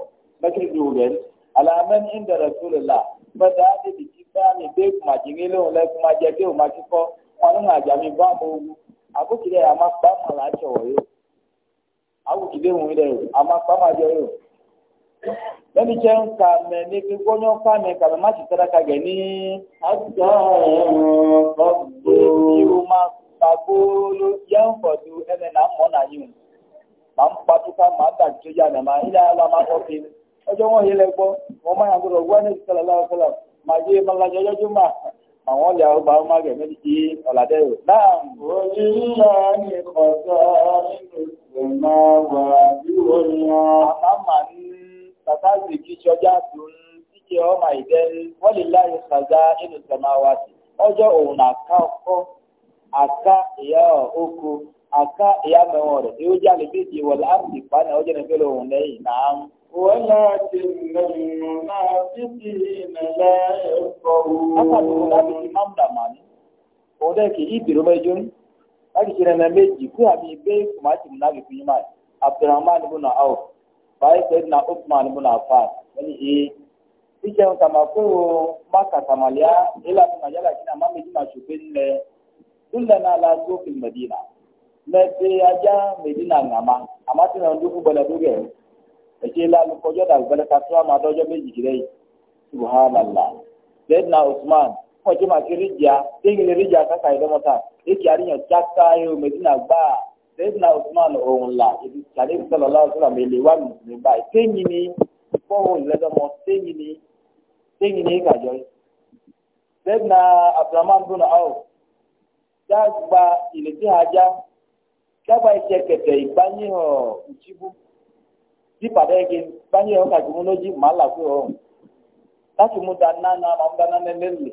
Speaker 1: mɛki du rɛ ni ala mɛn ti dɛrɛ so le la mɛta adi di ti fɛ ani bɛ kuma jigi lé wọn lɛ kuma jɛ ké wọn ma ti kɔ wọn ŋa jami bá mo wu àbúkiri yà má gbà má la tsɔ wɔ yóò. awùdílé wọn rẹ o amakpamadzɔ rẹ o lẹ́nu tẹ́ ń ka mẹ ní kí gbọ́nyọ́ fà mẹ ka mẹ má ti tẹ́ra ka gẹ̀ ní. àgbà ọ̀gbọ́n yóò máa gbàgbó ló yẹ ń fọ̀dù ẹnẹ náà mọ̀ náà yìí o máa ń pàtó ká tó yà ilé ala kọ́ ọjọ́ wọn yẹ lẹ gbọ́ wọn máa yàn ní lọ́wọ́ yé àwọn ọlẹ́ ọgbà ọmọgẹ̀ méjì tí ọ̀làdẹ́ rẹ̀ náà. onílà ní kọjá nínú ìgbìmọ̀ wà bíwọ̀ yan. àmàmà ní sàtàzì ọma sọjá tó ń síkẹ ọmọ ìdẹ wọ́n lè láyé sàjá nínú ìgbìmọ̀ wà ولكن المنافقين لا يفقهون أفضل المنافق ما مداماني ọdẹ kì í bèrè mẹjọ ní láti ṣe ẹnẹ méjì kí àmì ìgbé kùmáàtì múnáàbì fún yín máa abdulrahman ni mo nà áwò báyìí sẹ́yìn na ukman ni mo nà fà wọ́n ní ee ṣíṣe ń kàmá fún o má kàtàmàlíà ilé àfihàn yálà kí ni dúkú gbọdọ̀ dúkẹ́ ẹjẹ la lukọjọ dàgbẹ lẹ kàtó àmà dọjọ méjì kìlẹ yìí subhanallah lẹyìnà usman wọn jẹ màkì rìjà téyìn rìjà kàkà ìdọmọta èkì àríyàn jáká yóò mẹdínà gbà lẹyìnà usman òun la ibi sàlẹ sọlọ lọwọ sọlọ mi lè wà mùsùlùmí báyìí téyìn ni fọwọn ìlẹdọmọ téyìn ni téyìn ni e kàjọ yìí lẹyìnà abdulrahman bin awo jágba ìlẹsí e hajá jágba ìṣẹkẹtẹ e ìgbányé hàn ìṣíbù. ti padà ege báyìí ẹ̀rọ kàjú mú lójú màá làkú ọ̀hún láti mú dáná na máa ń dáná lẹ́lẹ́ lè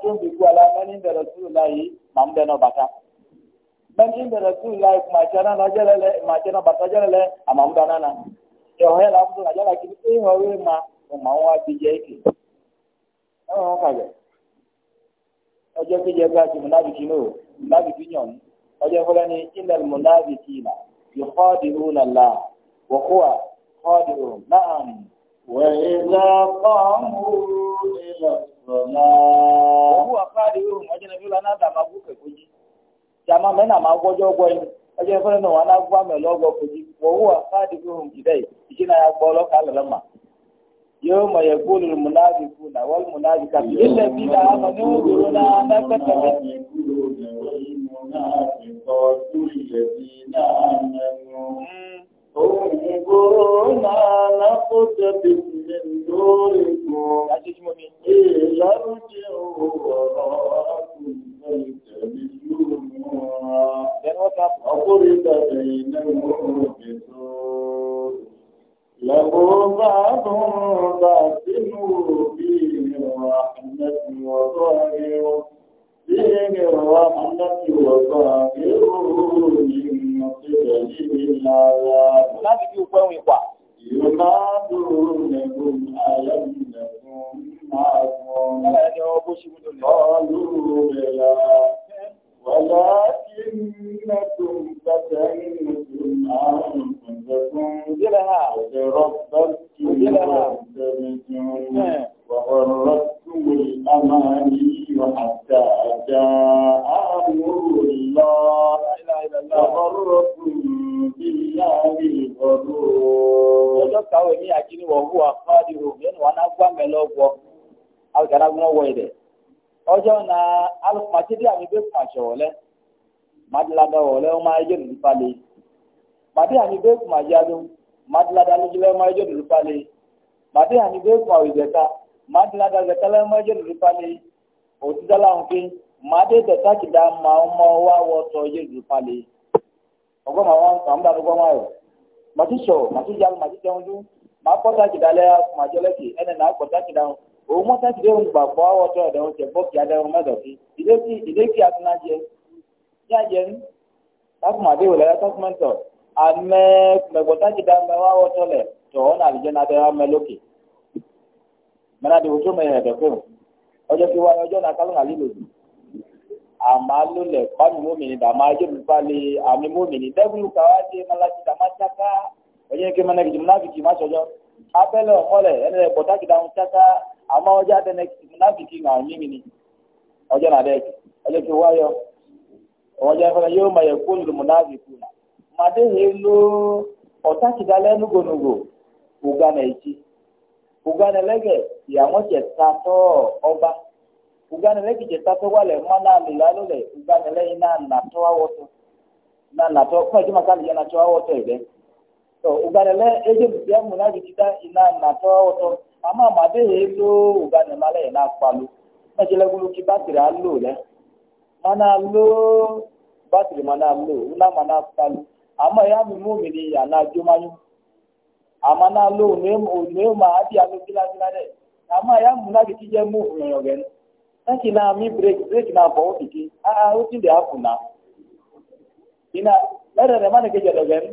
Speaker 1: tó ń ala mẹ́ni bẹ̀rẹ̀ ń náà bàtà náà náà bàtà ń dáná tó ma ọmọ àwọn abijẹ́ ọjọ́ kejì ẹgbẹ́ àti náà yàn ọjọ́ náà يخادعون الله وهو خادع معهم وإذا قاموا إلى الصلاة وهو خادع أجل في لنا دام أبوك كوجي جماعة منا ما قوجو قوي أجل في لنا وانا قوام لوغو كوجي وهو خادع كده إجينا يقبولو قال لما يوم يقول المنافقون والمنافقات للذين آمنوا ربنا نكتب المنافقات الذين آمنوا انظرنا نقتبس من نوركم قيل ارجعوا وراءكم فالتمسوا نورا فضرب بينهم بسور له بعض باطنه فيه رحمة وظاهره Láti bí òpẹ́ òun ìpà. ولكنكم فتنتم أنفسكم وربكم وابتلتم وغرتهم الأماني وحتى جاء أمر الله وغرتهم بالله الغرور ọjọ́ káwé ní àjíníwọ̀ hùwà fáàdì rògbìn wọn náà gbàmẹ́ lọ́gbọ́ àgbàlagbà wọ̀ ẹ̀dẹ̀ ọjọ́ náà alùpàtìdí àmì bẹ́ẹ̀ kùn àṣẹ wọlé madilada wọlé wọn máa yẹ lùlù palẹ̀ màdí àmì bẹ́ẹ̀ kùn àyálò madilada lójúlẹ̀ wọn máa yẹ lùlù palẹ̀ màdí àmì bẹ́ẹ̀ kùn àwìjẹta madina gaza kala majer ripale otidala nke made da taki da ma ma wa wo to je ripale ogo ma wa ka mba ogo ma yo mati so mati jal mati jonju ma ko taki da le ma jele ki ene na ko taki da o mo taki de on ba ko wo to da on bo ki ada on ma do ki ile ki ile ki atuna je ya je ta kuma de wala ta kuma to ame me ko taki da ma wa wo to le to on alije na da ma loki mẹ́ta di ojú mẹ́rin ẹ̀dọ̀ fún ọjọ́ kí wáyé ọjọ́ náà kálọ̀ àlè lòdì àmà lólẹ̀ pàmì mọ́mìnì dàmà ajẹ́lùpá lè àmì mọ́mìnì dẹ́gbùlù kàwá dé malachi dàmà tsaka ọjọ́ kí mẹ́rin kìjì múnáfìkì má sọjọ́ abẹ́lẹ̀ ọ̀kọ́lẹ̀ ẹni rẹ̀ bọ̀tàkì dàmù tsaka àmà ọjọ́ adẹ́nẹ múnáfìkì nà ọ̀nyìnmìnì ọjọ́ nà dẹ́ ọjọ́ kí wáyọ ọjọ́ ìfọ̀nà yóò máa yẹ kó lùlù uganelege ìyàwó jẹta tọ ọba uganelege jẹta tọ wàlẹ mọ náà lùlá lọlẹ uganelege náà nàtọ awọtọ náà atọ, kọ ẹjọ màkà nìyẹn ya awọtọ ẹgbẹ tọ uganelẹ ẹjọ bìbí ẹmu náà jìkítà awọtọ àmọ Ama yẹn ló uganemalẹ yẹn náà palo ama na lo oneo ma adi alo gila gila de ama ya mu na kiti je mu yoyo gen na mi break break na bo kiti a a uti de afu na ina lere re mane keje do gen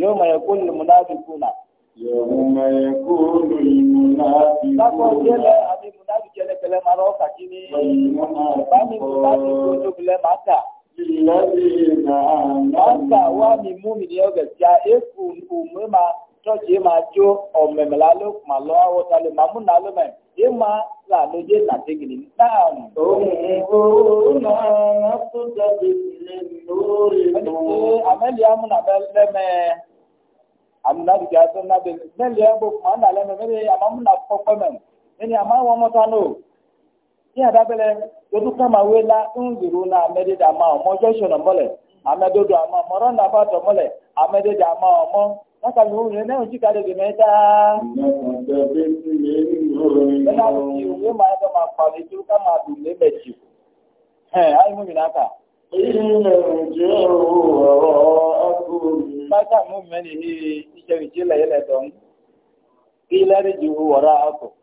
Speaker 1: yo ma yakul munafiquna يوم يكون المنافقون تقول جل أبي منافق جل Nọ́mbà wá ni mú mi ní ọ̀gẹ̀ tí a ékù òmù ma tọ́jú ma jó ọ̀mẹ̀mẹ̀lá ló mà lọ́ àwọ̀ta lè máa múnà ló mẹ̀. Yé máa là ló yé nàdégìrì náà. Òhun òhun náà wọ́n tó jáde sílẹ̀ lórí ìlú. Àmẹ́lì Amúnà lẹ́mẹ̀. Àmúnà dìgbà tó nábẹ̀. Mẹ́lì ẹ̀ gbogbo máa ń nà mẹ́lì àmàmúnà ihe adabere kedu kama wela nzuru na amedede ama ọmọ junction ọmọlẹ amedodo ama mọrọ na abatọ mọlẹ amedede ama ọmọ láka mi wúni náà ń jíkàdé dè mẹta. bẹ́ẹ̀ náà ti ìwé máa ń bọ̀ máa pàdé tó ká máa dùn lé mẹ́jì. ẹ̀ ayé mú mi náà kà. ilé ìjẹ́ ọ̀rọ̀ ọkùnrin. bákan mú mi ní ìṣẹ̀rìjì lẹ́yìn lẹ́dọ̀ọ́ ilé ìjẹ́ ọ̀rọ̀ ọkùnrin.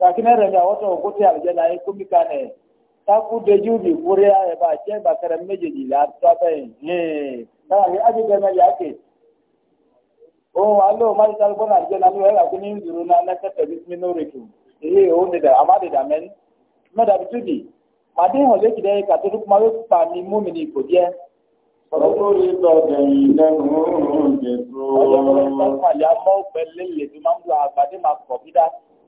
Speaker 1: lakini rɛ ya wɔtɔ ko te alijɛ na ye ko mi ka nɛ taku deju bi kure a yɛ ba cɛ ba kɛrɛ mejeji la tɔ bɛ yen aa ye aji bɛ mɛ ya ke o alo mali tali kɔnɔ alijɛ na n'o yɛ la ko ni n duru na ne tɛ tɛ bisimi n'o de tun ee o de da a ma de da mɛ mɛ da bi tu di màdé hàn létí dɛ kàtó tó kuma wípé pa ni mú mi ní ipò díẹ̀. olórí tọ̀gẹ̀yìn lẹ́nu oúnjẹ tó. ọjọ́ kọ́lẹ́ sọ́kùnrin àlẹ́ àmọ́ pẹ̀lẹ́ lè fi máa ń lo àgbàdo máa kọ̀ bí dá.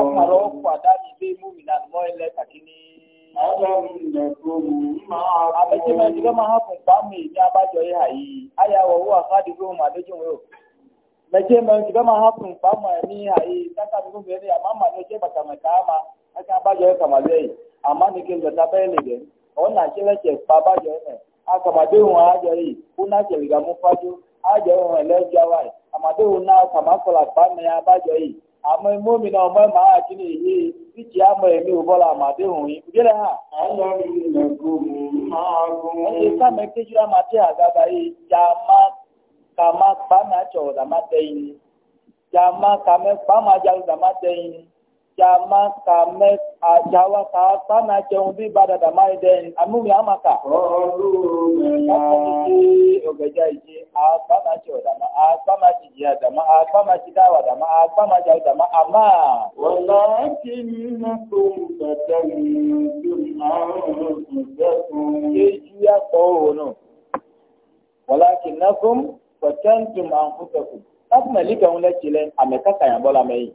Speaker 1: Ọkàrà ọkọ̀ àdáni bí múmìnà mọ́ ilẹ̀ kàkíní. Àbẹ́jẹ́mẹ́ ni gẹ́mà hapùn pàmì a abájọ ìhà yìí. Ayàwọ̀ owó àfáàdì gbóhùn àdójùn rò. Mẹ́jẹ́mẹ́ ti gẹ́mà hapùn pàmì ní ìhà yìí. Tákà bí ama ajọ ohun ẹlẹ wa yìí àmàdéhùn náà kàmákọlà pàmì abájọ yìí àmọ ìmọ̀mí náà ọmọ ẹ̀ma àjínì yìí fíjì àmọ ẹ̀mí òbọ́là àmàdéhùn yìí kúdílẹ̀ ha ẹ̀yẹ sáàmì kéjú àmàdé àgàgà yìí jàmá kàmá pàmì àjọ ọ̀dàmá tẹ̀yìn jàmá pàmì àjọ tẹ̀yìn. jama kame ah, jawa ka sana cheun bi bada da mai den amumi ah, amaka ah, olu eh, oh, ni ogeja iji a sana che da ma a sana ji ya da ma a sana ji dawa da ma a sana ja da ma ama walakin nakum tatantum anfusakum yeju ya ko no walakin nakum tatantum anfusakum asma lika unle chile amekaka ya bola mei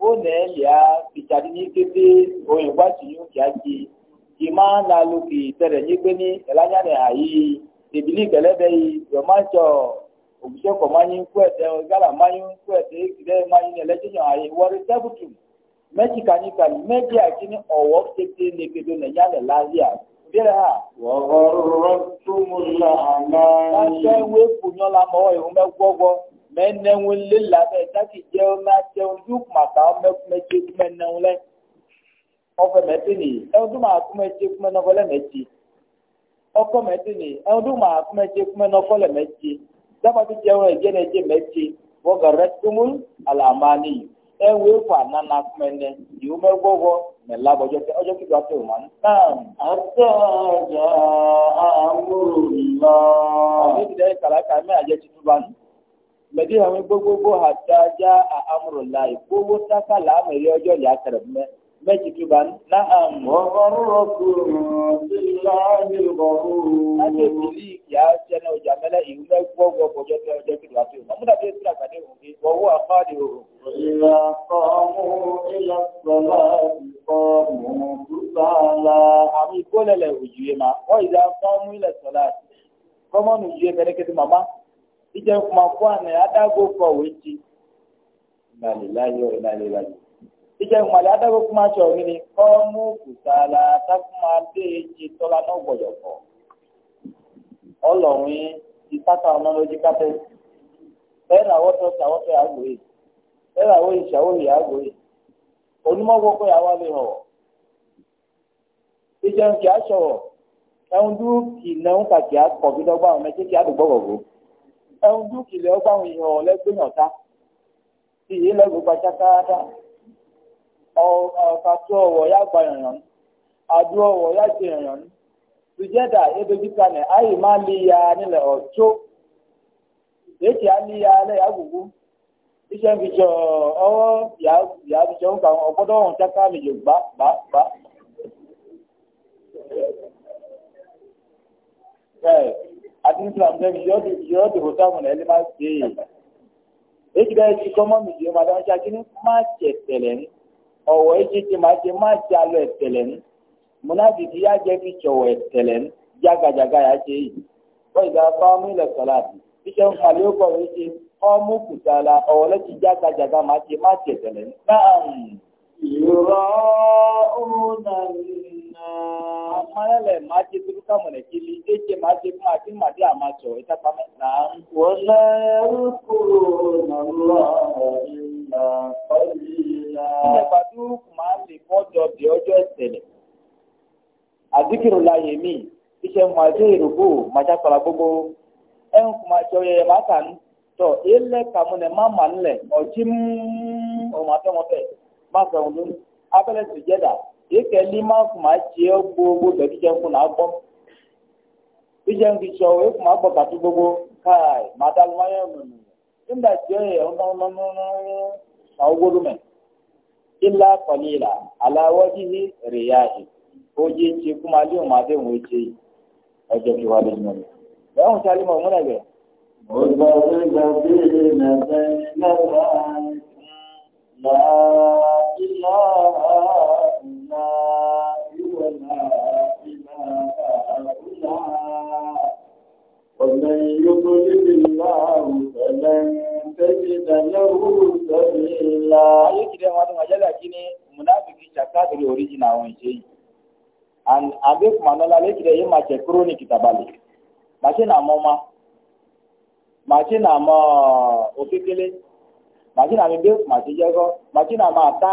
Speaker 1: one ya pichari n'ikete oyin gbatinyu kiaki kima na luki tere nyigbeni elanya ne ayi tebili kelebe yi yomacho ogbushe kọmanyi manyi manyi ayi wari sebutu meji kanyi kanyi meji akini ọwọ tete n'ekedo na ya na lazia bere ha. wọ́n rọ́ọ̀rọ̀ tó mú la mɛnɛŋu lé labɛ taki dze mate ŋdu kumaka mɛtse kumɛnɛŋu lɛ ɔfɛ mɛtse ni ɛŋdu ma kumɛtse kumɛnɔfɔ lɛ mɛtse ɔkɔ mɛtse ni ɛŋdu ma kumɛtse kumɛnɔfɔ lɛ mɛtse dabɔbi dze ŋu edze ne dze mɛtse wɔgɔrɛ tumu alamani ɛwue kɔ anana kumɛnɛ yiwo mɛgbɔgbɔ mɛla bɔdzɔ tɛ ɔdzɔ kidu ato ma naam. ata dza amuru ti dɛ kalaka mɛ adze tutu ba nu. mẹbi àwọn gbogbogbò àtàjà àmúrò láì gbogbo sáká làámù ilé ọjọ́ ìyá tẹ̀rẹ̀ mẹ́ méjì tó bá náà mọ́. ọ̀rọ̀ rọ̀kùnrin sí láàyè ìbọ̀rùn. láti ìdílé ìyá sẹ́nu ọjà mẹ́lẹ̀ ìlú náà gbọ́ wọ ọjọ́ ọjọ́ tó wà tó. mọ̀múdà tó ti ije kuma kwane adago kwa wechi lalilayo lalilayo ije kuma le adago kuma cho gini komu kusala takuma deji tola no goyoko ọlọrin ìtàkà ọmọ lójú kápẹ bẹẹni àwọtọ ti àwọtọ yàgò yìí bẹẹni àwọn ìṣàwọ yàgò yìí onímọ gbogbo yàwó lè hàn ìjẹun kì á ṣọwọ ẹun dúró kì náà kàkì á kọ bí dọgba ọmọ ẹjẹ kì á dùgbọ gbogbo. ẹ̀hún dúkìlẹ̀ ọgbà àwọn èèyàn ọ̀lẹ́gbẹ̀yìn ọ̀tá ìyí lẹ́gbẹ̀ẹ́ gbajàkáyàtà ọ̀wọ̀ yá gba èèyàn àdú ọ̀wọ̀ yá jẹ èèyàn tùjẹ́dà ebèjìkà nẹ̀ ayé lè ya nílẹ̀ ọ̀tó èkì á lè ya alẹ́ iṣẹ́ fi jọ àti ní islam dẹ́bi yọ́ dìbò sáàmù náà ẹni máa ṣe é èyí bẹ́ẹ̀ ti kọ́ mọ́mì jù máa dáhùn ṣe akíní máa jẹ tẹ̀lẹ̀ ní ọ̀wọ́ èyí ti máa jẹ máa jẹ alọ ẹ̀tẹ̀lẹ̀ ní múnáfi ti yá jẹ́ fi ṣọ̀wọ̀ ẹ̀tẹ̀lẹ̀ ní jágajàga yá ṣe yìí wọ́n ìgbà fáwọn ilẹ̀ sọ̀lá iṣẹ́ ń falẹ̀ ó kọ̀ wọ́n ṣe ọmú kùtàlà ọ̀wọ́ lẹ́tí jágajàga máa ṣe máa jẹ tẹ̀lẹ̀ ní amayale maje tu kama ne kili eje maje kuma akin maje amacho ita kama na wala yuzkuruna Allah illa qalila ne badu kuma le mojo de ojo estele adikiru la yemi ise maje irugo maja kala gogo en kuma joye matan to ile kamune mama nle ojim o mato mote ma so ndun abele sujeda ike lima kuma tsie gbogbo gbe titse kuna gbɔ titse ŋdi tsɔ o kuma gbɔ katu gbogbo kai mata luma yɛ mɛmɛ nígbà tí ó yẹ ɔnɔnɔnɔnɔ awo gbolo mɛ ila kɔli la alawɔ dihi reya yi o dze tse kuma li o ma de ŋun tse ɔdze ti wa le nyɔ mi bɛn o sali ma o ŋun na o gbɔ fi gbɔ fi na fɛn na wa la ilaha. هؤلاء ولا إلى هؤلاء ومن يضلل الله فلن تجد له سبيلا ayikide wọn tún ajala kini munafiki sakadiri original wọn ṣe yìí and abe kumanola ayikide yìí ma ṣe chronic tabali ma ṣe na mọ ma ma ṣe na mọ òkekele ma ṣe na mi bẹ ma ṣe jẹgọ ma ṣe na ma ta.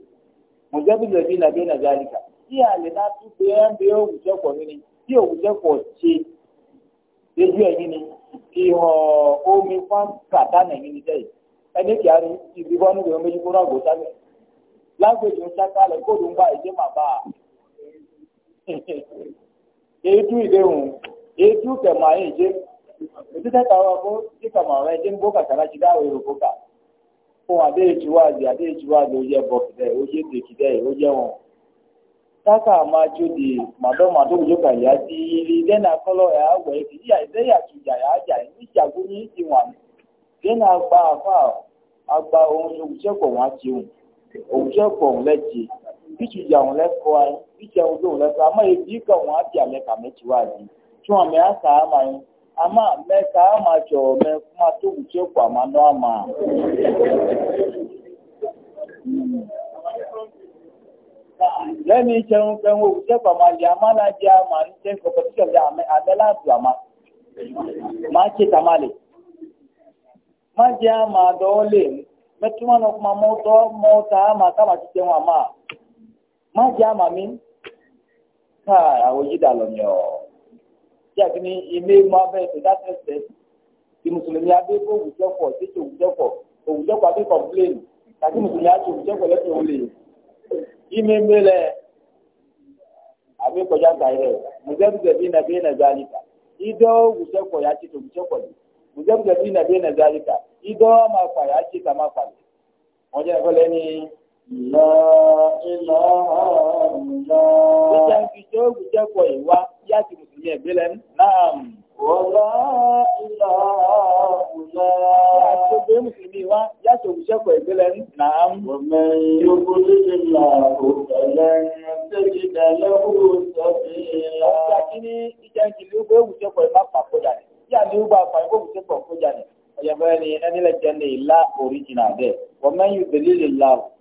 Speaker 1: mọ̀jẹ́bìlì ẹ̀bí làbí ẹ̀nà gáàlìkà tí àlè náà tún pé ẹ̀ ń bẹ òwùjẹ́pọ̀ mi ni tí òwùjẹ́pọ̀ ṣe lójú ẹ̀yìn ni ìhàn omi fún kàtánà ẹ̀yìn ni sẹ́yìn ẹni kìá ni ibi bọ́ nínú ìwé méjì kúrò àgbò sábẹ̀ lágbèjì ń sákàlẹ̀ kóòdù ń bá ìdí mà bá a. ètú ìdéhùn ètú kẹmà ẹ̀jẹ̀ ètú tẹ́tà wa kó kíkàmà ọ̀rẹ́ ẹ̀jẹ̀ ń bó kàkàrà jìdáwó èrò kó kà á. fún adéjúwájú adéjúwájú ó yẹ bọ̀kìdẹ́ ó yẹ tèkìdẹ́ ó yẹ wọn. sáka máa jó di màdọ́màdọ́ òjòkà yá di ilé dẹ́nà kọ́lọ́ ẹ̀ àwẹ̀ ìdí àìsẹ́yà tùjà yá jà níjàgbó ní ìwọ̀n dẹ́nà gba àfà àgbà ohun òwúṣẹ́pọ̀ wọn ti hùn òwúṣẹ́pọ̀ òun lẹ́tì bíjìjà òun lẹ́kọ́ ayé bíjìjà òun lẹ́kọ́ kan wọn á ti àmẹ́kà mẹ́tìwájú ama me ka ama chọrọ me kuma tó wuce kwa ama nọ ama lẹ́nu ìṣẹ̀hún pẹ̀hún òwúṣẹ́ pàmò àlè àmàlà jẹ́ ama, ní ṣe kọ̀pọ̀tíṣọ̀ lẹ́ àmẹ́lá àdù àmà máa ṣe ma má jẹ́ àmà le lè mẹ́túmọ̀ náà kuma mọ́tọ́ mọ́ta ama kama ti jẹun ama. Ma ama mi tí a ti ní ilé mohammed ìdásílẹ̀ ṣẹ̀ ti mùsùlùmí adé fún òwùjọ́pọ̀ títí òwùjọ́pọ̀ òwùjọ́pọ̀ adé kọ̀m̀pléènì tàbí mùsùlùmí adé òwùjọ́pọ̀ lẹ́sìn òun lè ìmé mélẹ̀ àbí kọjá gbàyẹ̀ mùsùlùmí bí nàbí nàzàlìkà idọ́ òwùjọ́pọ̀ yà títí òwùjọ́pọ̀ lè mùsùlùmí bí nàbí nàzàlìkà idọ́ máa fà yà títí àmà fà lè wọ́n jẹ́ ẹ̀fọ́ lẹ́ni ìlà ìlà ìlà. ìjà ìfìjọ́ òwùjọ́pọ̀ yá ti mùsùlùmí ẹ̀gbẹ́ lẹ́nu náà. Wọ́lá ìlà ọ̀la. Àtúgbé mùsùlùmí wá yá ti òmùsẹ́kọ̀ ẹ̀gbẹ́ lẹ́nu náà. Wọ́mẹ yóò lè la òkèlè ṣẹ́gi dalẹ́ kúrò sọ́bí la. Ọ̀sẹ̀ kìíní ìjà ìjìnlẹ̀ ó gbé òmùsẹ́kọ̀ ẹ̀ má pàkójà ní. Yíyá ni ó gbà pa ẹ̀kọ́ òmùsẹ́kọ̀ kójà ní.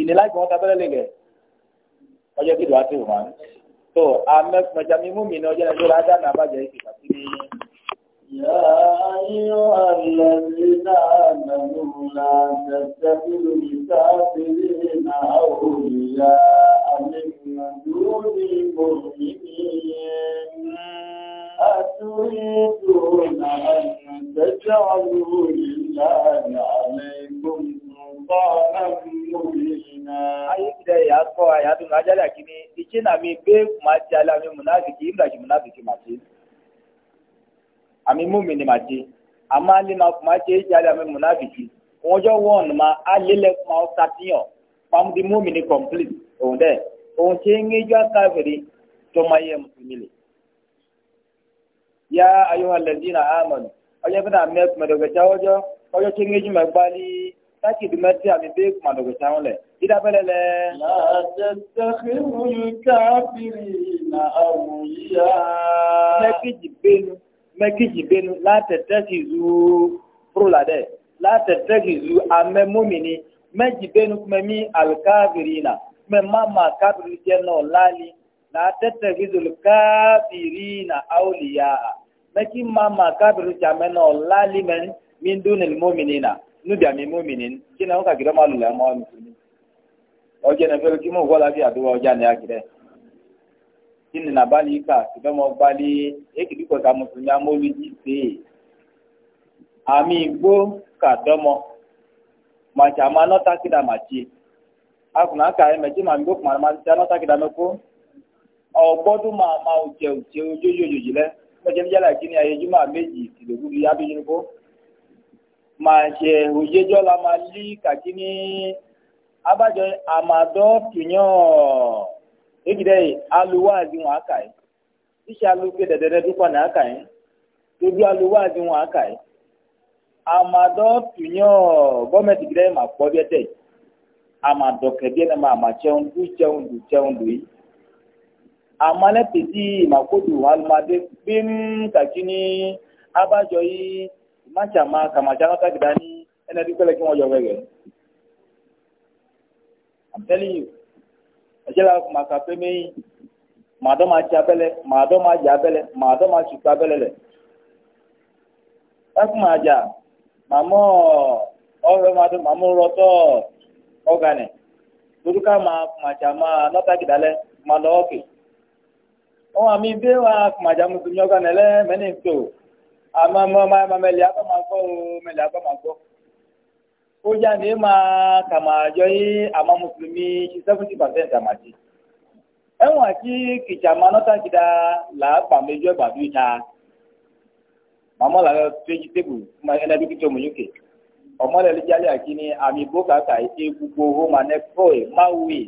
Speaker 1: ìní láìpẹ́ wọn tábẹ́lẹ́ lè gẹ̀ ọjọ́ kìlọ̀ àti ìwọ̀n tó amẹ́kùnmọ́jà mímú mi ní ọjọ́ ẹjọ́ ládà náà bàjẹ́ ìkì pàtí ní. يا أيها الذين آمنوا لا تتخذوا الكافرين أولياء من دون المؤمنين أتريدون أن تجعلوا لله ayyukida ya ko ya dun ajala kini ikina mi be kuma jala mi munafiki imla ki munafiki maji ami mumini maji ama le ma kuma je jala mi munafiki ojo won ma alele kuma o tatiyo pam di mumini complete on de on che ngejo kafiri to maye musulmi ya ayyuhal ladina amanu ojo bina me kuma daga jawojo ojo che ngejo magbali taki bi mɛti ami bi kuma dɔgɔ caman lɛ ida bɛlɛ lɛ. laasasahiru kafiri na awuya. mɛkiji benu mɛkiji benu laatɛtɛki zu furu la dɛ laatɛtɛki zu amɛ mumini mɛji benu kumɛ mi alikafiri na kumɛ mama kafiri tiɛ nɔ laali laatɛtɛki zu kafiri na awuya mɛki mama kafiri tiɛ amɛ nɔ laali mɛ nubi ami muminin kina ŋun ka gidɔ e ma lula ma wani tuni e o jɛnɛ fɛrɛ k'i mu wɔla bi a dɔgɔ ja ne kini na bali ka gidɔ ma bali ka musulmi ji ami ka kida akuna ka ma kida ma ma o tse o tse o dzodzo dzodzo lɛ mɛ kini meji ya bi dzi mashe ujejo la mali kakini abajo amado kinyo igide aluwazi wọn akai iṣẹ aluke dẹdẹdẹ dúpọ náà akai dojú aluwazi wọn akai amado kinyo gọọmenti gidẹ ma pọ bí ẹtẹ amado kẹbi ẹni ma ama jẹun du jẹun du jẹun du yi amalẹ pèsè ìmàkódù alùmọdé gbẹmú kakini abajo yìí matsa ma kamatsa la taki dani ɛnɛ di kpɛlɛ kiwọn yɔ wɛgɛ i'm telling you ɛtsɛ la kuma ka pɛmɛ maa dɔ ma tsa bɛlɛ maa dɔ ma dza bɛlɛ maa dɔ ma tukpa bɛlɛ lɛ ɛkuma dza mamɔ ɔwɛ ma do mamɔ lɔtɔ ɔganɛ toruka ma kumatsa ma nɔtaki da lɛ kuma dɔ ɔke ɔn ami bɛ wa kumatsa musu mi ɔganɛ lɛ mɛ ne to ama mama mama lia ba ma gbɔ o mɛ lia ba ma gbɔ sójà ni ma kàmá jọ yí àmọ mùsùlùmí sí seventy percent àmàjì ẹwọn àti kìjàmá nọta kìdá là á pàmò ìjọ ìgbàdú ìta màmá làwọn péjì tébù fún ẹnẹdú kìtọ mọyókè ọmọlẹ lẹjálẹ àkíní àmì bókàkà ètè gbogbo homanẹ fọyì máwé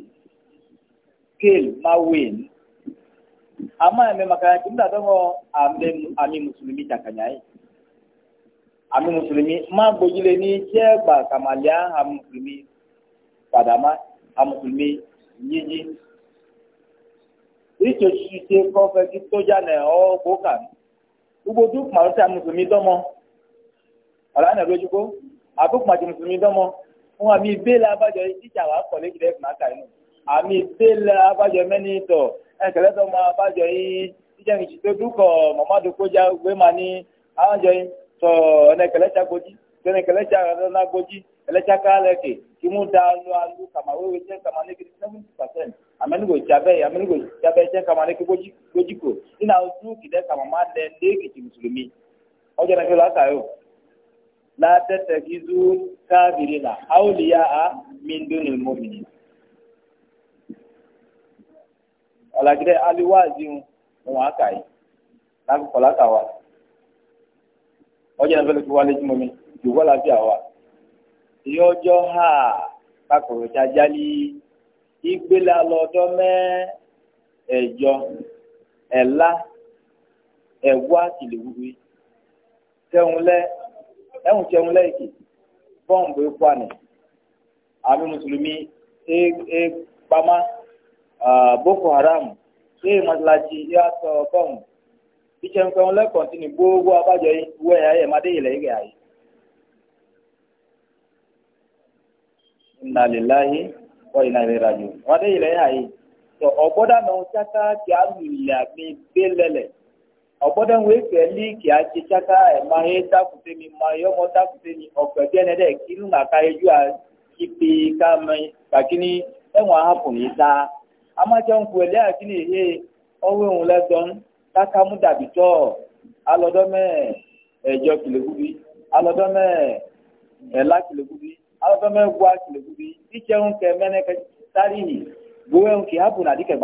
Speaker 1: kéèl máwé ní amma me makanya kinda dongo ame ami muslimi takanya yi ami muslimi ma gbojile ni je gba kamalia ha muslimi padama ha muslimi yiji ito sise ko fe ki to ja ne o ko kan ugbo du ma muslimi domo ala na roju ko abu muslimi domo won ami bela abajo yi ti ja wa ko le gide ma bela abajo meni to ekele sɔ ma ba dzɔ yi titɛ ŋutsu tó du kɔ mamadu kodza gbé ma ní àwọn dzɔ yi tɔ ɛnɛ kɛlɛ tsa gbodzi tɔ ɛnɛ kɛlɛ tsa ɛna gbodzi kɛlɛ ká lɛ ke kimu da alu alu kama wewe tse kama ne kiri seventy percent kama kiri ko ina ma lɛ ne kiti fi la ka yio la kizu na awoliya a mi ọ̀làgídẹ́ aliwáàzí ń wọn àkà yìí láti kọ̀láka wa ọjà ìfẹ́lẹ́ fi wálé jùmọ̀ mi jùwọ́ láti àwa ìyẹn ọjọ́ ha kakoro jajali ìgbélé alọ́dọ́ mẹ́ ẹ̀jọ ẹ̀la ẹ̀wá kìlìwúwe tẹ̀hún lẹ́ ẹ̀hún tẹ̀hún lẹ́ èkì bọ́ǹbù ẹ̀kọ́ àná àmì mùsùlùmí ẹ̀ ẹ̀ pamá. boko haram ṣé ìmọ̀tìláṣí yàtọ̀ kọ́ọ̀mù lẹ́kọ̀ọ́ tí ni gbogbo abájọ wẹ̀ ayé madé ilẹ̀ yìí ayé. inna lillahi wa inna ilaihi raji'un madé ilẹ̀ yìí ayé. tọ ọgbọdọ náà ṣáká kí lù ilẹ̀ ọgbọdọ kí ṣe ṣáká ẹ̀ máa yé mi máa yọ ọmọ mi ọ̀pẹ̀ bí kí nù ẹjú pé ká kàkíní ẹ̀wọ̀n dáa. amájọ ń pèlè àti ni èyí ọwọ́ òun lẹ́gbọ̀n káká mú dàbí tọ́ alọ́dọ́ mẹ́ẹ̀ ẹ̀jọ kìlẹ̀kùbí alọ́dọ́ ẹ̀lá kìlẹ̀kùbí alọ́dọ́ mẹ́ẹ̀ kìlẹ̀kùbí títsẹ́ ń kẹ mẹ́nẹ́kẹ́ sáré yìí gbowó ń kì í hàbùn àdìkẹ́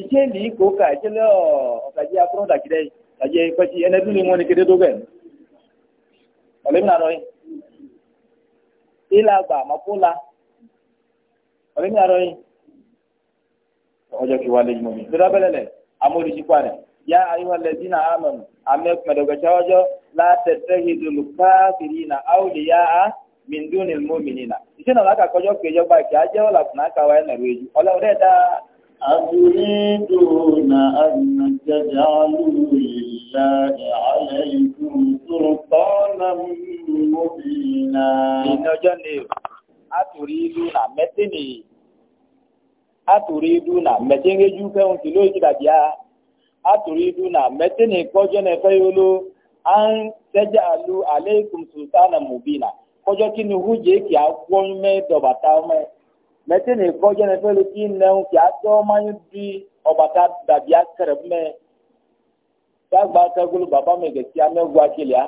Speaker 1: ìṣe lì í kó ka ìṣe lẹ́ ọ̀kàjẹ́ ojo ki wale jimomi sura belele amori jikwane ya ayuha allazina amanu amme madoga chawajo la tattahidu lkafirina awliyaa min duni almu'minina isina laka kojo kejo ba ki aje ola kuna ka wa na reju ola oreda أتريدون أن تجعلوا لله عليكم سلطانا مبينا. إن جنب أتريدون متني aturi duna mɛtɛnge ju fɛn kilo yi da bia aturi duna mɛtɛnge kɔjɔ ne fɛ yolo an sɛjɛ alu ale kunsuta na mubina kɔjɔ kini huje kia kpɔn mɛ dɔbata mɛ mɛtɛnge kɔjɔ ne fɛ yolo ki nɛn kia dɔmanyi bi ɔbata da kɛrɛ mɛ tagba kagolo baba mi gɛsi amɛ gua kelia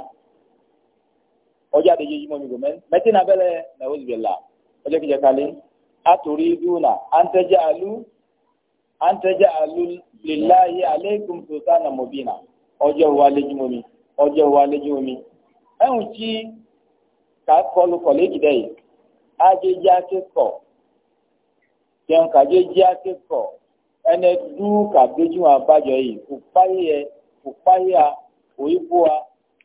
Speaker 1: ɔjɔ adi yeyimɔ mi gomɛ mɛtɛnge abɛlɛ na o zi bɛ la ɔjɔ kijɛ kali aturiduna an taj'alu an taj'alu lillahi alaykum sultana mubina ọjọ́ wa lẹ́júmọ́ mi ọjọ́ wa lẹ́júmọ́ mi ẹ̀hún tí ká kọlu kọ̀ lẹ́gìdẹ́ yìí ajéjì akẹ́kọ̀ọ́ jẹun kàjéjì akẹ́kọ̀ọ́ ẹnẹ dú kàdójú àbájọ yìí kùpáyé kùpáyé òyìnbó a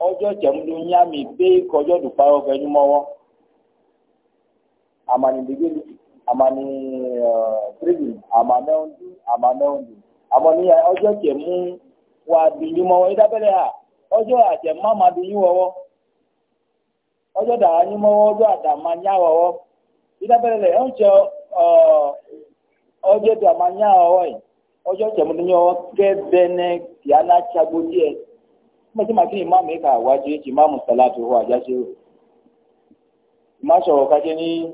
Speaker 1: ọjọ́ jẹ̀múlò nyámi gbé kọjọ́ dùpáyọ̀ fẹ́ ní mọ́wọ́ àmàlìdígbélé. amani prison amana ndu amana ndu amani ọjọ tẹ mú wa bìlú mọ wọn ha ọjọ àtẹ mama bìlú wọwọ ọjọ dàá ọjọ wọwọ lẹ ọ wọwọ yìí ọjọ mú ọwọ kẹbẹnẹ kìánà tsagbó díẹ mọtí màkì ní mamu yìí kà wájú má ní.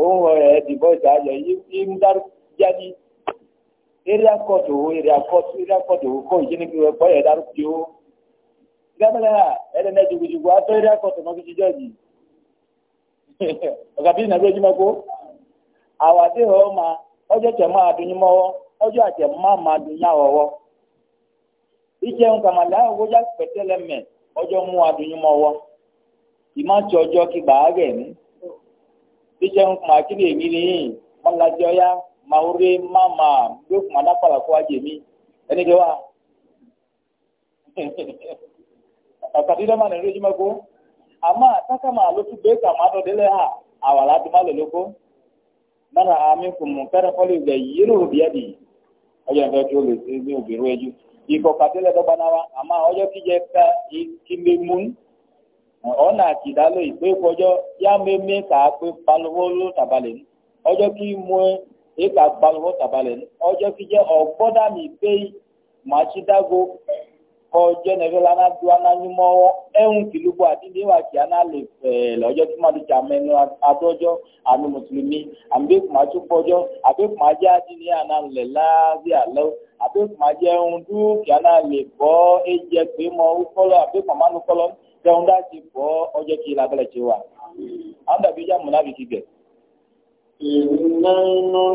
Speaker 1: òun ọ̀rẹ́ ẹ̀ divorce ayọ̀ yìí ń dárú jáde area court owó area court area court owó kọ́ ìjẹ́ni kí wọ́n gbọ́ yẹn dárú gbẹ́mẹ́lẹ́ à ẹ̀rẹ́ náà jùgùjùgù atọ́ area court ọmọ kìí jọ́ọ̀jì. ọ̀gá bí nàgbé ojúmọ́ kó àwàdé ma ọjọ́ tẹ̀ máa dunni mọ́wọ́ ọjọ́ àtẹ̀ máa máa dunni àwọ̀wọ́. ìjẹun kàmàlà àwòjá ọjọ́ mú mọ́wọ́ bíjẹ́ ń kuma kíni èmi ni yìí mọ́lájọ́ ya máa rí máma bí kuma dápàlà kó ajé mi ẹni kí wa. Àkàtí dọ́mà nínú ojú mẹ́kọ́. Àmọ́ àtàkà máa ló tún bẹ́ẹ̀ kà máa dọ̀ délé hà àwàlá tó má lè lóko. Nára àmì kùmù fẹ́rẹ́ fọ́lì ìgbà yìí rò bí ẹ̀dì. Ọjọ́ ìfẹ́ tó lè ṣe ní òbí rú ẹjú. Ìkọ̀kàtí lẹ́dọ́gbanáwa àmọ́ ọjọ́ kíjẹ ká ìkílé mú ọ̀nà àkìdálò ìpè kọjọ́ yá mímí kà á pé palówó ló tàbalẹ̀ ní ọjọ́ kí mú ẹ kà palówó tàbalẹ̀ ní ọjọ́ kí jẹ́ ọ̀gbọ́dàmì pé màṣídágo kọjọ́ nẹ̀fẹ́ lánàá du anányúmọ́wọ́ ẹ̀hún kìlúgbò àdínní wà kí aná lè fẹ̀ lọ́jọ́ kí màdù jà mẹ́nu adọ́jọ́ àmì mùsùlùmí àbí kùmàjú kọjọ́ àbí kùmàjẹ́ àdínní àná láàbí àlọ́ àbí kùmàjẹ́ ẹ̀hún dúkìá náà lè bọ́ ẹ̀jẹ̀ pé mọ́ ukọ́lọ́ àbí kùmàmánú kọ́lọ́ ní tẹun dá ti bọ́ ọjọ́ kí labẹ́lẹ̀ ti wà àwọn dàbí ìjà múná bí ti gẹ̀. ìrìnà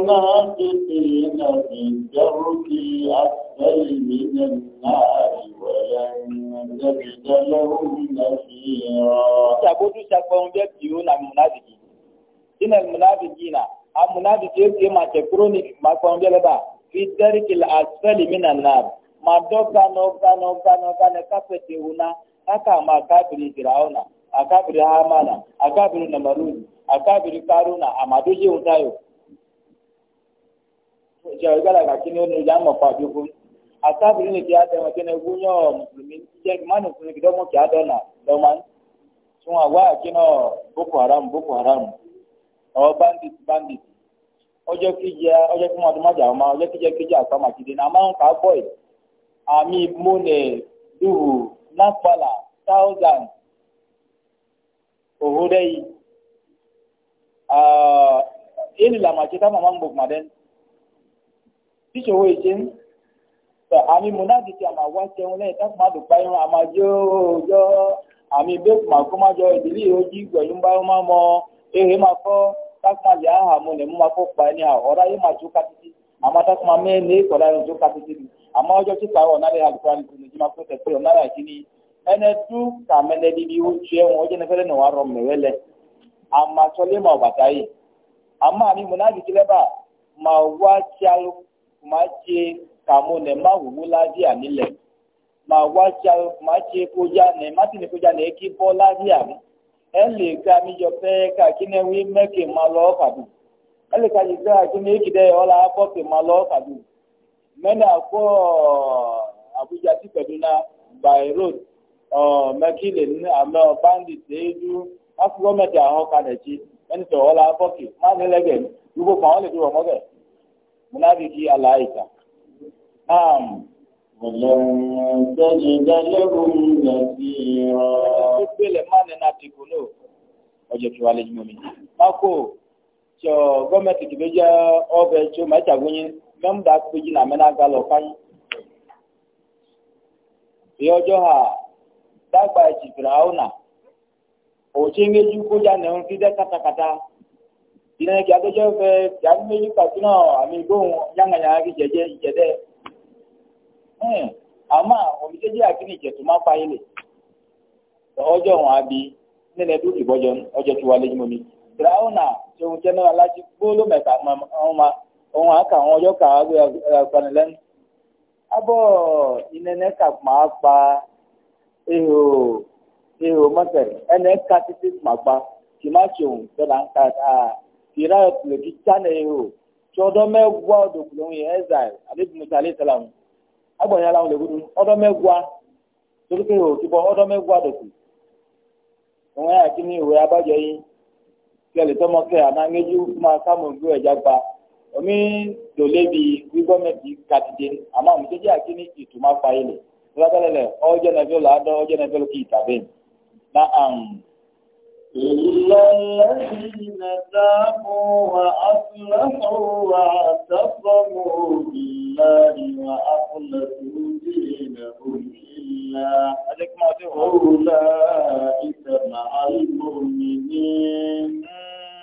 Speaker 1: náà ti fi iná ìjọrú kí asẹ́lì nínú náà ìwọ̀lẹ̀ ìrìnàjẹ̀bìjẹ́ lọ́wọ́ náà fi hàn. ṣàbójú ṣàpẹ̀hún jẹ́ kí ó na múná bí kì í nà bí kì í nà a múná bí kì í kì í máa tẹ̀ kúrò ní ìpàkọ́ fi dẹ́rìkì asẹ́lì nínú náà máa dọ́ gbaná gbaná gbaná gbaná kápẹ́tì ìhùn haka ma kafiri firauna a kafiri hamana a kafiri namaruni a kafiri karuna a madu yi wuta yau ṣe gara ka kini onu ya mọ̀ pàdé fún a kafiri ni kí a tẹ̀wọ̀n kí ni egwu yọ mùsùlùmí jẹ́ mánu fún kí dọ́mọ̀ kí a dọ́nà dọ́mọ̀ tí wọ́n wá kí náà boko haram boko haram ọ̀ bandit bandit ọjọ́ kí jẹ́ ọjọ́ kí wọ́n adúmájà ọmọ ọjọ́ kí jẹ́ kí jẹ́ àpamọ́ àti dènà àmọ́ nǹkan bọ́ì àmì múnẹ̀ dùhù nakpala thousand ohudai uh, ah, yeni lamace ta mama gbogbo maden tíṣe owó ìṣe àmì múnádì tí a máa wá ṣẹun lẹ́yìn tá a máa dùn páyọ a máa yọ ọjọ́ àmì bẹ́ẹ̀ máa kó máa jọ ìdílé ojú pẹ̀lú bá máa mọ eré máa kọ́ tákùmá lè áhà mọ́lẹ̀ mú máa kó pa ẹni àhọ́rá yóò máa tó kátìtì àmọ́ tákùmá mẹ́rin ní ìkọ̀dá yóò tó kátìtì nìyí. àmọ́ ọjọ́ tí kàwọ́ ọ̀nàdẹ́ àlùkò àlùkò ní jìmá kó tẹ̀pẹ́ ọ̀nàdà kìíní ẹnẹ dú kàmẹ́nẹ níbi ó tiẹ̀ wọn ọjọ́ nẹfẹ́lẹ́ náà wà rọ mẹ́wẹ́ lẹ àmà sọlẹ́ mà bàtà yìí àmọ́ àmì múnádì wá a ma má tí kàmú nẹ má wùwú lábí àmì lẹ̀ wá tí a ma má kójá nẹ má tì ní kójá nẹ kí bọ́ àmì ẹ lè mi ká kí wí mẹ́kì ẹ mena ọ uh, abuja ti kaduna by road mekile àmọ bandit edu afúgọmẹtì àwọn kanẹtì ẹni tọ ọlá bọkì má ní lẹgẹ gbogbo kan wọn lè fi wọmọgẹ munafiki alaika. naam. ولن ọjọ́ tí wàá jùmọ̀ mi. má tí gọ́ọ̀mẹ̀tì kìí jẹ́ ọbẹ̀ tí ó máa ń mẹ́mdà péjì nà mẹ́nà galọ̀ fáyín. Ìyá ọjọ́ ha dàgbà ẹ̀jì fìràwọ̀nà. Òṣè méjì kójà nà ń fi dẹ́ katakata. Ìdílé kí adójọ́ fẹ́ yàrá méjì pàtó náà àmì gbóhùn yángànyàrá kí jẹjẹ ìjẹdẹ́. Àmọ́ òmìṣẹ́jì àkínní ìjẹ̀tù máa fáyé lè. Ọjọ́ wọn á bí nílẹ̀ dúkìá ọjọ́ tí wà lẹ́yìn mọ́ni. Fìràwọ̀nà ṣe òun jẹ́ náà alájí òun aka àwọn ọjọ́ kà á agbani lẹ́nu abọ́ ìnẹ́nẹ́ kà máa pa ihò ihò ẹnẹ́ títí máa pa kì má ń ka ta kì rà lòdì tánà ihò tí ọdọ́ mẹ́gbọ́ dòkùnrin òun yẹn ẹ̀zà àbí alẹ́ tẹ̀lé àwọn ọdọ́ mẹ́gbọ́ torí pé ihò ti bọ́ ọdọ́ mẹ́gbọ́ òun yà kí ni ìwé abájọ omi dole bi wi gọọmenti katide ama omi seji akini ituma fayile lọtọlẹlẹ ọjọ nẹfẹ ọlọ adọ ọjọ nẹfẹ ọlọ kìí tàbí na am. الذين تابوا وأصلحوا واعتصموا بالله وأخلصوا دينهم إلا أولئك مع المؤمنين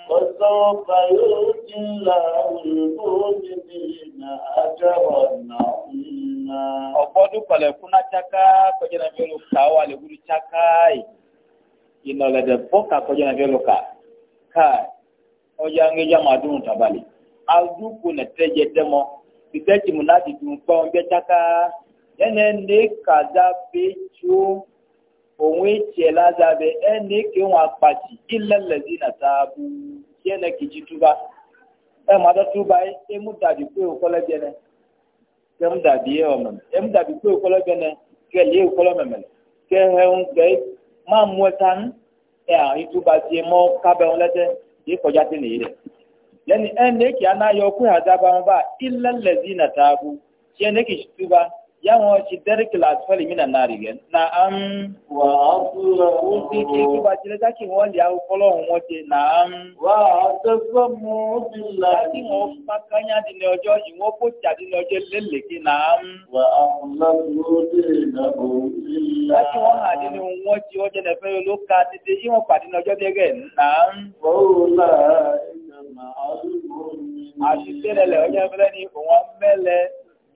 Speaker 1: وسوف يؤتي الله المؤمنين أجرا عظيما ọgbọdún pẹlẹkúnná tsaka kọjá náà fi lu ká wà lẹwúrú tsaka yìí ìnọlẹdẹ bọkà kọjá náà fi lu ká ká ọjà ńgẹjà máa dùn tabali alùpùpù nẹtẹjẹ dẹmọ ìtẹjì mu náà ti dùn pọ ọjọ tiɛ nɛ kitsi tuba ɛmɔ aɖe tuba yi emu dabi kpe wòkɔlɛ biɛ nɛ emu dabi yɛ wɔmɛ emu dabi kpe wòkɔlɛ biɛ nɛ kɛ liɛ wòkɔlɛ mɛmɛ kɛ hɛn kɛ ma mu ɛta nu ɛ ituba tiɛ mɔ kabɛ ŋu lɛtɛ yɛ kɔdza ti ne yi dɛ lɛni ɛn ne kia na yɔ kó yàda ba ŋu ba ilẹ lɛzi nata bu tiɛ ne kitsi tuba yawon shi darki lasfali mina nari gen na am wa asu ti ke ki ba ti le zaki won ya o kolo won te na am wa asamu billahi ti mo pakanya di ne ojo yi won ko ti adi ne ojo lele ki na am wa ahlatu dinahu billahi ti won ha di ne won ti ojo ne fe lo ka ti ti yi won pa di ne ojo de gen na am wa la inna ma'al mu'min àti tẹ́lẹ̀ lẹ̀ ọjọ́ ìfẹ́lẹ́ ni òun á mẹ́lẹ̀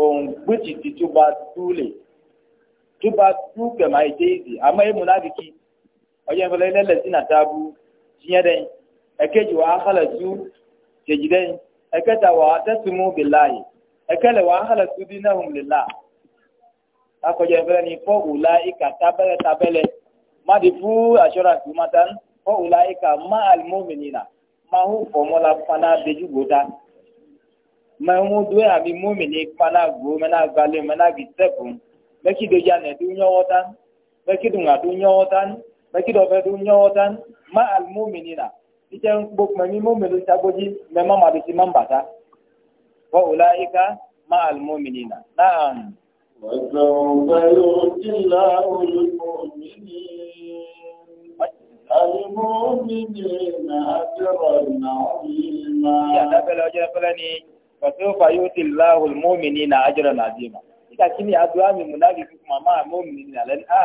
Speaker 1: òun gbèjìdì tó bá dú lè tó bá dú kẹmà ètè èdè àmọ́ èmu náà kìkì ọjọ́ ìfọlẹ́ lẹ́lẹ̀ sí nàta bú tiẹ́ dẹ́ ẹ̀kẹ́jì wà á kálẹ̀ tú kejì dẹ́ ẹ̀kẹ́ta wà á tẹ́sùn mú bìlá yìí ẹ̀kẹ́lẹ̀ wà á kálẹ̀ tú bí náà hùm lè là akọjọ ìfọlẹ́ ni fọ́ wùlá ìkà tábẹ́lẹ̀ tábẹ́lẹ̀ má di fú assurance mọ́tán fọ́ wùlá ìkà má àlùmọ́ọ̀mì nìyà má hù fọ́mọ́lá faná bẹ́jú gbòdá mamudu abi mumini kpala go mena gbale mena gitsepu meki do ya ne du nyowotan meki du nga du nyowotan meki do be du nyowotan ma al muminina ite gbok mami muminu tagoji me mama bi ti mambata wa ulaika ma al muminina na'am وسوف يؤتي الله المؤمنين المؤمنين أجرا عظيما. يا نبي الأجر فلاني fasofa yóò ti láhùn mọ́mìnì náà àjọrọ̀ náà dé ma nígbà tí ni adúlá mi mú náà fi kuma máa mọ́mìnì náà lẹ́nu a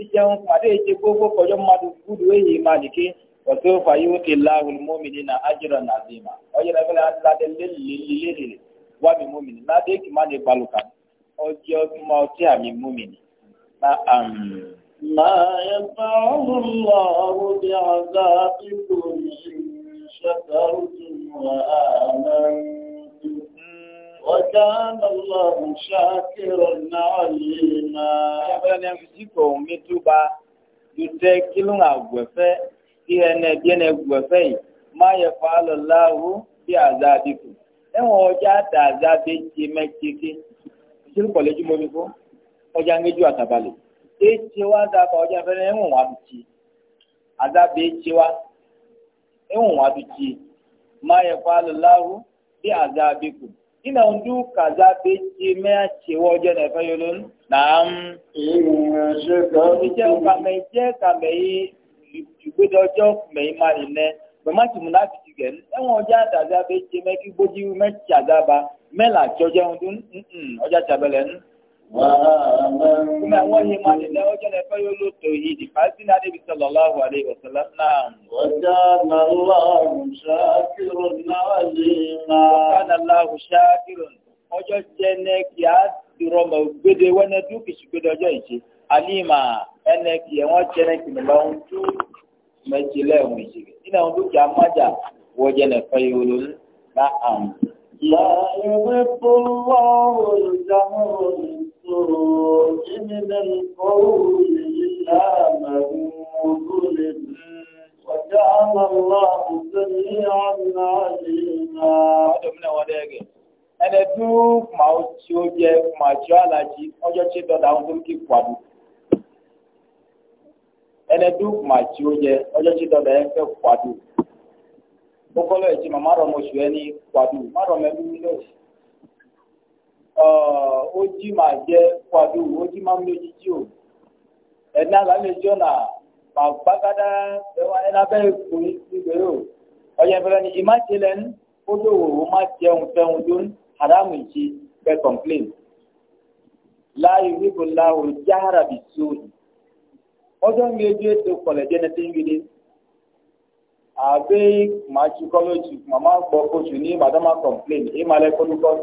Speaker 1: ìṣe ń kuma déyìí ṣe gbogbo kọjọ́ mmadụ gbúdú èyí máa nìké fasofa yóò ti láhùn mọ́mìnì náà àjọrọ̀ náà dé ma ọjọ́ náà fẹ́lẹ́ adúládé lélelélele wà mí mọ́mìnì náà dé kì má ní gbalùkà ọjọ́ kuma ọtí àmì mọ́mìnì náà àmì. ما يفعل الله بعذابكم إن شكرتم وآمنتم وكان الله شاكرا عليما يبقى ان فيكو متوبا يتكلون اغوفه ان بين اغوفه ما يفعل الله بعذابكم ẹwọn ọjà dàda bẹjẹ mẹkẹkẹ ìṣẹlẹ kọlẹjú mọbi fún ọjà ńgẹjú àtàbàlẹ ètè wa dàbà ọjà fẹrẹ ẹwọn wà bìtì àdàbẹ ètè wa ẹwọn wà bìtì máa yẹ fà lọláhùn bí àdàbẹ kù ina ndu kaza beji mea chewo je na fa yolun naam ije ka me je ka me yi jugbe dojo me yi mari ne be ma ti muna ti gen e won ja daza beji me ki gboji me ti azaba me la jojo ndun mm oja tabelen Kuma wani malilai wajen da fayo loto yi di fasi na Nabi sallallahu alaihi wa sallam na'am. Wajen Allah shakirun na walima. Wajen Allah shakirun. Ọjọ́ jẹ́ ní kí a ti rọmọ gbéde wọ́n ní dúkìsì ọjọ́ ìṣe. Alima ẹnẹ kì jẹ́ ní kì ní lọ́wọ́ tú lẹ́wọ̀n ìṣègbè. Nínú àwọn السرور من القول إلا من ó jẹ máa tí ó jí màá jẹ kwadu ó jí máa méjì jí o ẹni alálejò náà màá gbàgádá ẹni abẹ́ èkó nígbèrè o ọ̀yẹ́ fẹ́rẹ́ ni ìmájẹlẹ̀ ń ó lòwò ó má jẹun fẹ́hun ló ń haramu ìṣe fẹ́ complain láàyè wíwò láwò jára bì sí òní ọjọ́ mi ojú ètò kọ̀lẹ̀ jẹ́ ẹni tí ń gbélé àbẹ́ màá ju kọ́lọ́jù màmá gbọ́ kóṣù ní màdàmá complain ìmàlẹ́ kọ́lùkọ́lù.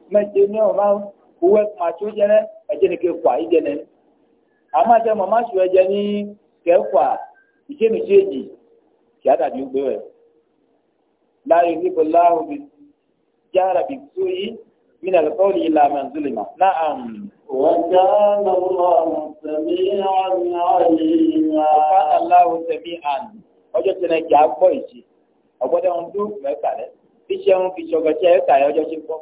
Speaker 1: mẹjẹ ní ọmọ owó ẹkùn àti oúnjẹ rẹ ẹjẹ ní kẹkọ àìjẹ nẹ àmọ àjẹ mọ máṣu ẹjẹ ní kẹkọ ìṣèmíṣẹ èjì kí á dàbí gbé rẹ láàrin níbo láàrú bí jára bí tó yí من القول إلا من ظلم نعم وكان الله سميعا عليما وكان الله ọjọ́ gbọ́ ọgbọ́dọ̀ ń dún mẹ́ta rẹ̀ fi ṣe ń fi tí ẹ̀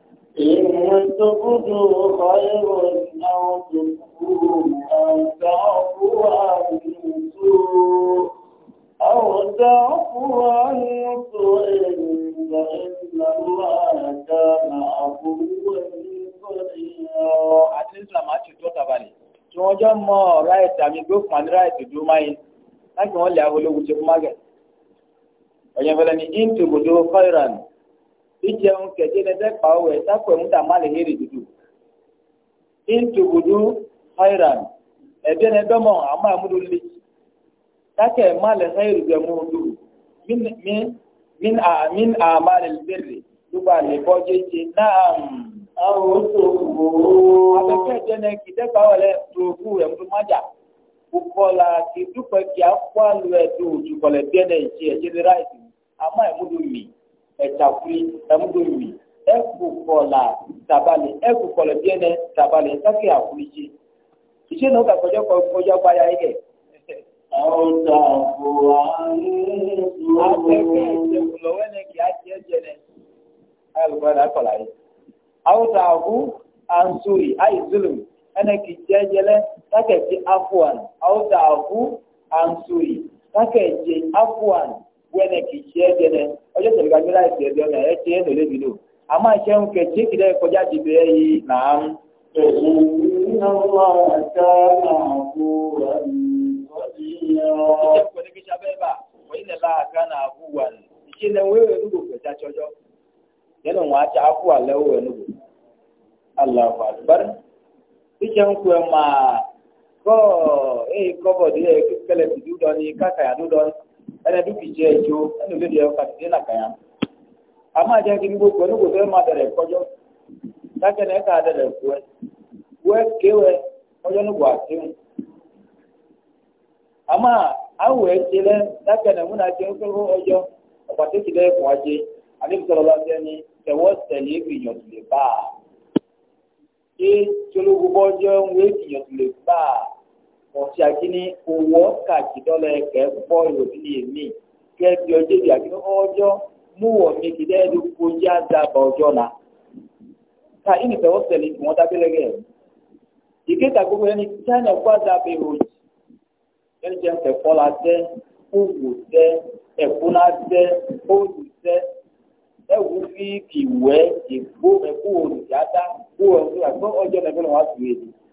Speaker 1: إن تبدوا خير أو تخفوه أو تعفو عن سوء أو تعفو عن سوء فإن الله كان عفوا àti islam àti tó tabalẹ̀ tí wọ́n jọ mọ ọ̀rá ẹ̀tà mi gbé fún àdúrà ètò ìdúró máa yẹn láti wọ́n lè àwọn ológun ṣe fún mágẹ̀. ọ̀yẹ́fẹ́lẹ́ ni íńtì òbòdó fáìràn ìjẹun kẹ̀jẹ́ lẹ́fẹ́ pa owó ẹ̀ sápò ẹ̀mú dàmá lè hẹ́rì dúdú. ìntùbùdú hairan ẹ̀dẹ́ ni dọ́mọ̀ àmọ́ àmúdú lè kákẹ́ ẹ̀má lè hẹ́rì min lè dúpọ̀ àlè bọ́ jẹ́jẹ́ náà. àwọn oṣù ẹ̀jẹ̀ ni pa tòkú ẹ̀mú májà la ɛtafui ɛmudomi ɛkukɔla tabali ɛkukɔlɔ biɛnɛ tabali saki na ɔka kɔdza kɔdza gba ya yi kɛ. ɛwùdà kò àlùkò. atẹkẹ ìṣèkùlọ wẹlẹ kì í àti ẹjẹ lẹ. alùpùpù ẹ̀dá kọ̀la yìí. awùdà kò ànsóyì àyè zulùm ɛnɛ kì í jẹ ẹjẹ lẹ sákẹ̀tì afuwan awùdà kò ànsóyì sákẹ̀tì wẹ́nẹ̀ kì í ṣe é dẹ́nẹ̀ ọjọ́ tẹ̀lé kájú láì ṣe ẹ̀dẹ́ ọ̀nà ẹ̀ ṣe é a, lébi lò àmọ́ àṣẹ ń kẹ̀ tí kìdẹ́ kọjá ti bẹ̀rẹ̀ yìí nà á ń. yẹnu wọn ati aku alẹ wo ẹnu wo alahu adubar ń kú máa ni kákàyà ni. ẹlẹdu kìjẹ ẹdzo ẹnu lé diẹ ọkà tètè nàkà ya àmà jẹ kí gbogbo ẹnu gbogbo ẹnu adẹrẹ kọjọ dákẹ nà ẹka adẹrẹ kọjọ nu bọ àtẹwò àmà awò ẹtsẹ lẹ dákẹ ti ni mọ̀tí akíní owó kàkí dọ́là ẹ̀kẹ́ pọ̀ ìròyìn èmi kí ẹ bí ọjọ́ ìbí ọjọ́ mú wọ̀ mí kí dẹ́ẹ̀dù kojú àdàbà ọjọ́ náà ká ìní fẹ́ wọ́n ìwọ̀n dábẹ́lẹ́ rẹ̀ gbogbo ẹni china kó àdàbà ìròyìn ẹni owó olù ẹwù fi ìgbó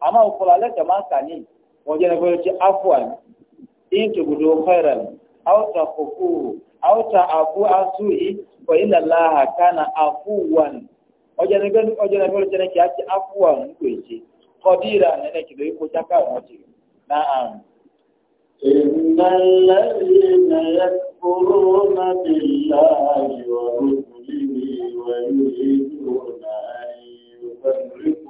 Speaker 1: amma ukulale kamata ne wajen gwaji afwan in tugudu khairan aw taqufu aw ta'afu asui wa inna allaha kana afuwan wajen gwaji wajen gwaji ne kiyaci afwan kuici qadira ne ne kidoyi ko taka wace na'am إن الذين يكفرون بالله ورسله ويريدون أن يفرقوا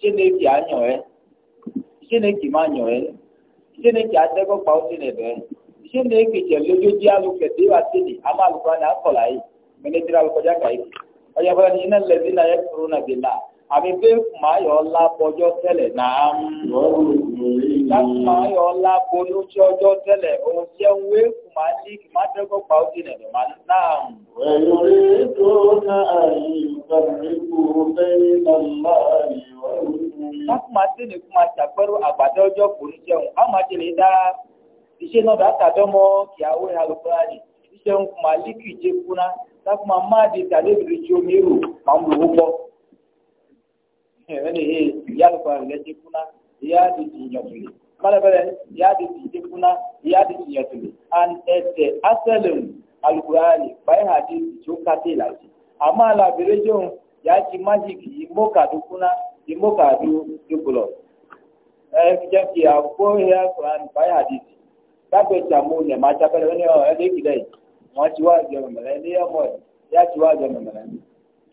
Speaker 1: chineke anyọọ chineke ma anyọọ chineke adegọkpa chinebe chineke cheledoji alụ kete ịwatini ama alụkwa na akọla yi mene tiri alụkọja ka yi ọya bụla na ina lezi na ya kuru na bila àmì pé màáyọ̀ ọlá bọjọ́ tẹ́lẹ̀ náà láti màáyọ̀ ọlá bolójú ọjọ́ tẹ́lẹ̀ òun jẹ́ wé kùmà ní kìmá dẹ́gbọ́ pa òkè nẹ̀dẹ̀ máa ń náà. ẹ̀rọ òun. àgbàdo ọjọ́ kò ní jẹun á máa tẹ̀lé wani he ya da kwa kuna ya da ji ya tuli mala bere ya da ji kuna ya da ji ya tuli an ete asalin alqur'ani bai hadisi jo ka te la ji amma la bere jo ya ji majiki ka du kuna di mo ka du du bulo eh kija ki a ko ya qur'an bai hadisi ka pe jamu ne ma ja bere ne o e de kidai mo ti wa je mo mele ni o mo ya ti wa je mo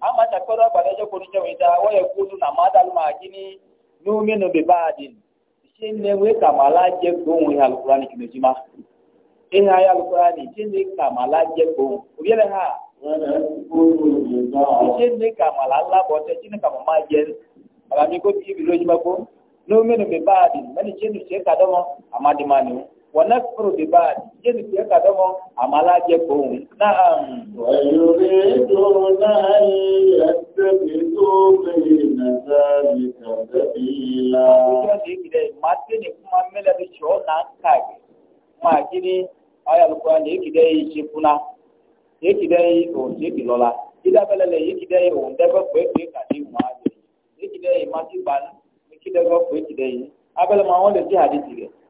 Speaker 1: ama ta koro ba da joko ni jawi da waya kudu na madal ma gini numinu bi badin shin ne we kamala je gon wi alqur'ani kino jima in ha ya alqur'ani shin ne kamala je gon ubiyele ha shin ne kamala la bote shin ne kamala je ala mi ko bi bi lo jima ko numinu bi badin mani shin ne ka domo amadi mani ونكفر ببعض جن في قدمه عملا جبهم نعم ويريدون أن يتخذوا بين ذلك سبيلا matini kuma mele na kage ma kini aya lukwa ni kidai shifuna ye kidai o je kilola ida belele ye kidai ka ni wa je ye kidai ma ti ban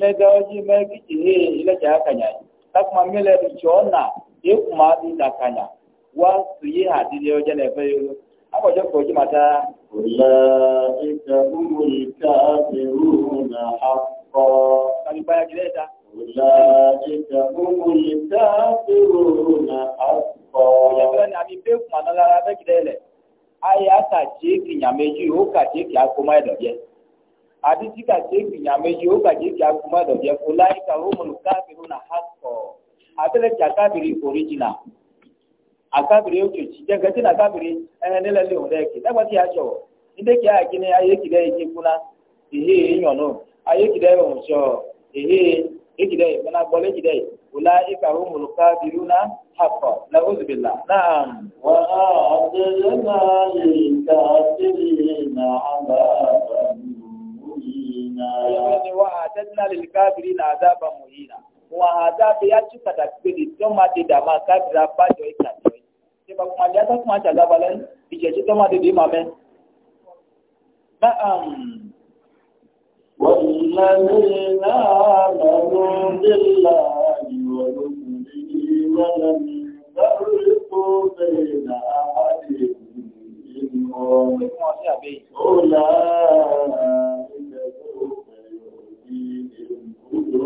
Speaker 1: mega oji megi jihe ile ja akanya takuma na ikuma di akanya wa suye hadile oje na efe yoro akwajo ko oji mata ulaika humul kafiruna haqqo kali baya gileta ulaika humul kafiruna haqqo ya ni ami be kuma na lara be aya ta meji o ka je ki akoma edo je àdìsí gàdé gbìyànjú yìí ó gàdé kí agbóhùnmọ́dọ̀ jẹ́ kó láyé ká ó mọ̀lù káàbìrì náà há na abẹ́lẹ̀ tí akábìrì oríjìnà akábìrì ó tòjì jẹ́gẹ́tì náà akábìrì ẹ̀hẹ́n nílẹ̀ lè wọ́n ehe a jọ nídẹ́kì àgínní ayékìdẹ́ yìí kúná èhé èèyàn náà ayékìdẹ́ òun sọ èhé èkìdẹ́ ìfúnná a kìdẹ́ ni wa atadna lil kafirin azaban muhina wa adhabu ya chuka takbiri to ma de da ma kadra pa jo ikato se ba kuma ja ta kuma ta da balan bije ji to ma de ma me ba am والذين آمنوا بالله ورسله ولم يفرقوا بين أحد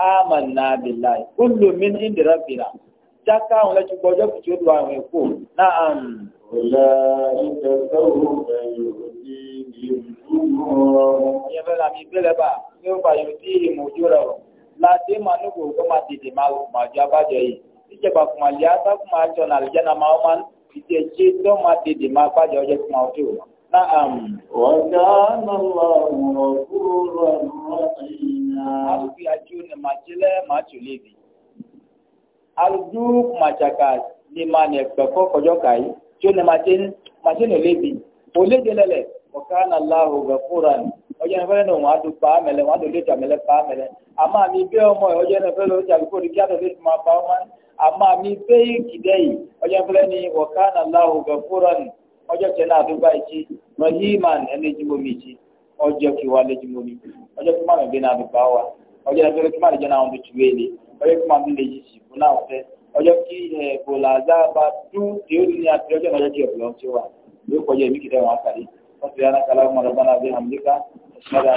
Speaker 1: amanna billahi kullu min indi rabbina jaka àwọn lẹ́tí gbọ́jọ́ kùtù ó dùn àwọn èkó náà ń. ọ̀la ìtẹ̀sọ́wọ́ ẹ̀yọ̀ ní ìlú wọn. ìyẹn fẹ́ làmì ìgbélé bá ní ó bá yóò tí ìmọ̀ ojú rẹ̀ rọ̀ láti máa nígbò tó máa tètè máa máa ju abájọ yìí ìjọba kùmà lè á sá kùmà àjọ nàlẹ́jẹ́ náà máa ń ìdíje tó máa tètè máa bájọ ọjọ́ kùmà ọjọ́ wọn. نعم، wa kana Allahu ghafurur rahima. Alfi ajuna machile machulevi. Alju machaka ni mane pefo kojo kai, june machin machin levi. Ole delele wa kana Allahu ghafuran. Oje na fele no wa du pa mele wa du le ta mele pa mele. Ama mi be omo e oje na fele o ja ko ri kya do le ma pa o Ama mi be kidei. Oje na fele ni wa kana Allahu ghafuran ọjọ́ tẹ náà tó bá ìtì mọ yíman ẹni jimbo mi ìtì ọjọ́ kí wà lé jimbo ọjọ́ kí màmí bí náà bí ọjọ́ ẹgbẹ́ kí màmí jẹ́ náà wọn bí tu wé lé ọjọ́ kí màmí lè yí sí fún náà fẹ́ ọjọ́ kí ẹ bòlázà bá tú tí ó ní àti ọjọ́ náà jẹ́ ọ̀pọ̀ tí ó wà yóò kọjá èmi kìtẹ́ wọn àkàrí wọ́n ti yára kálá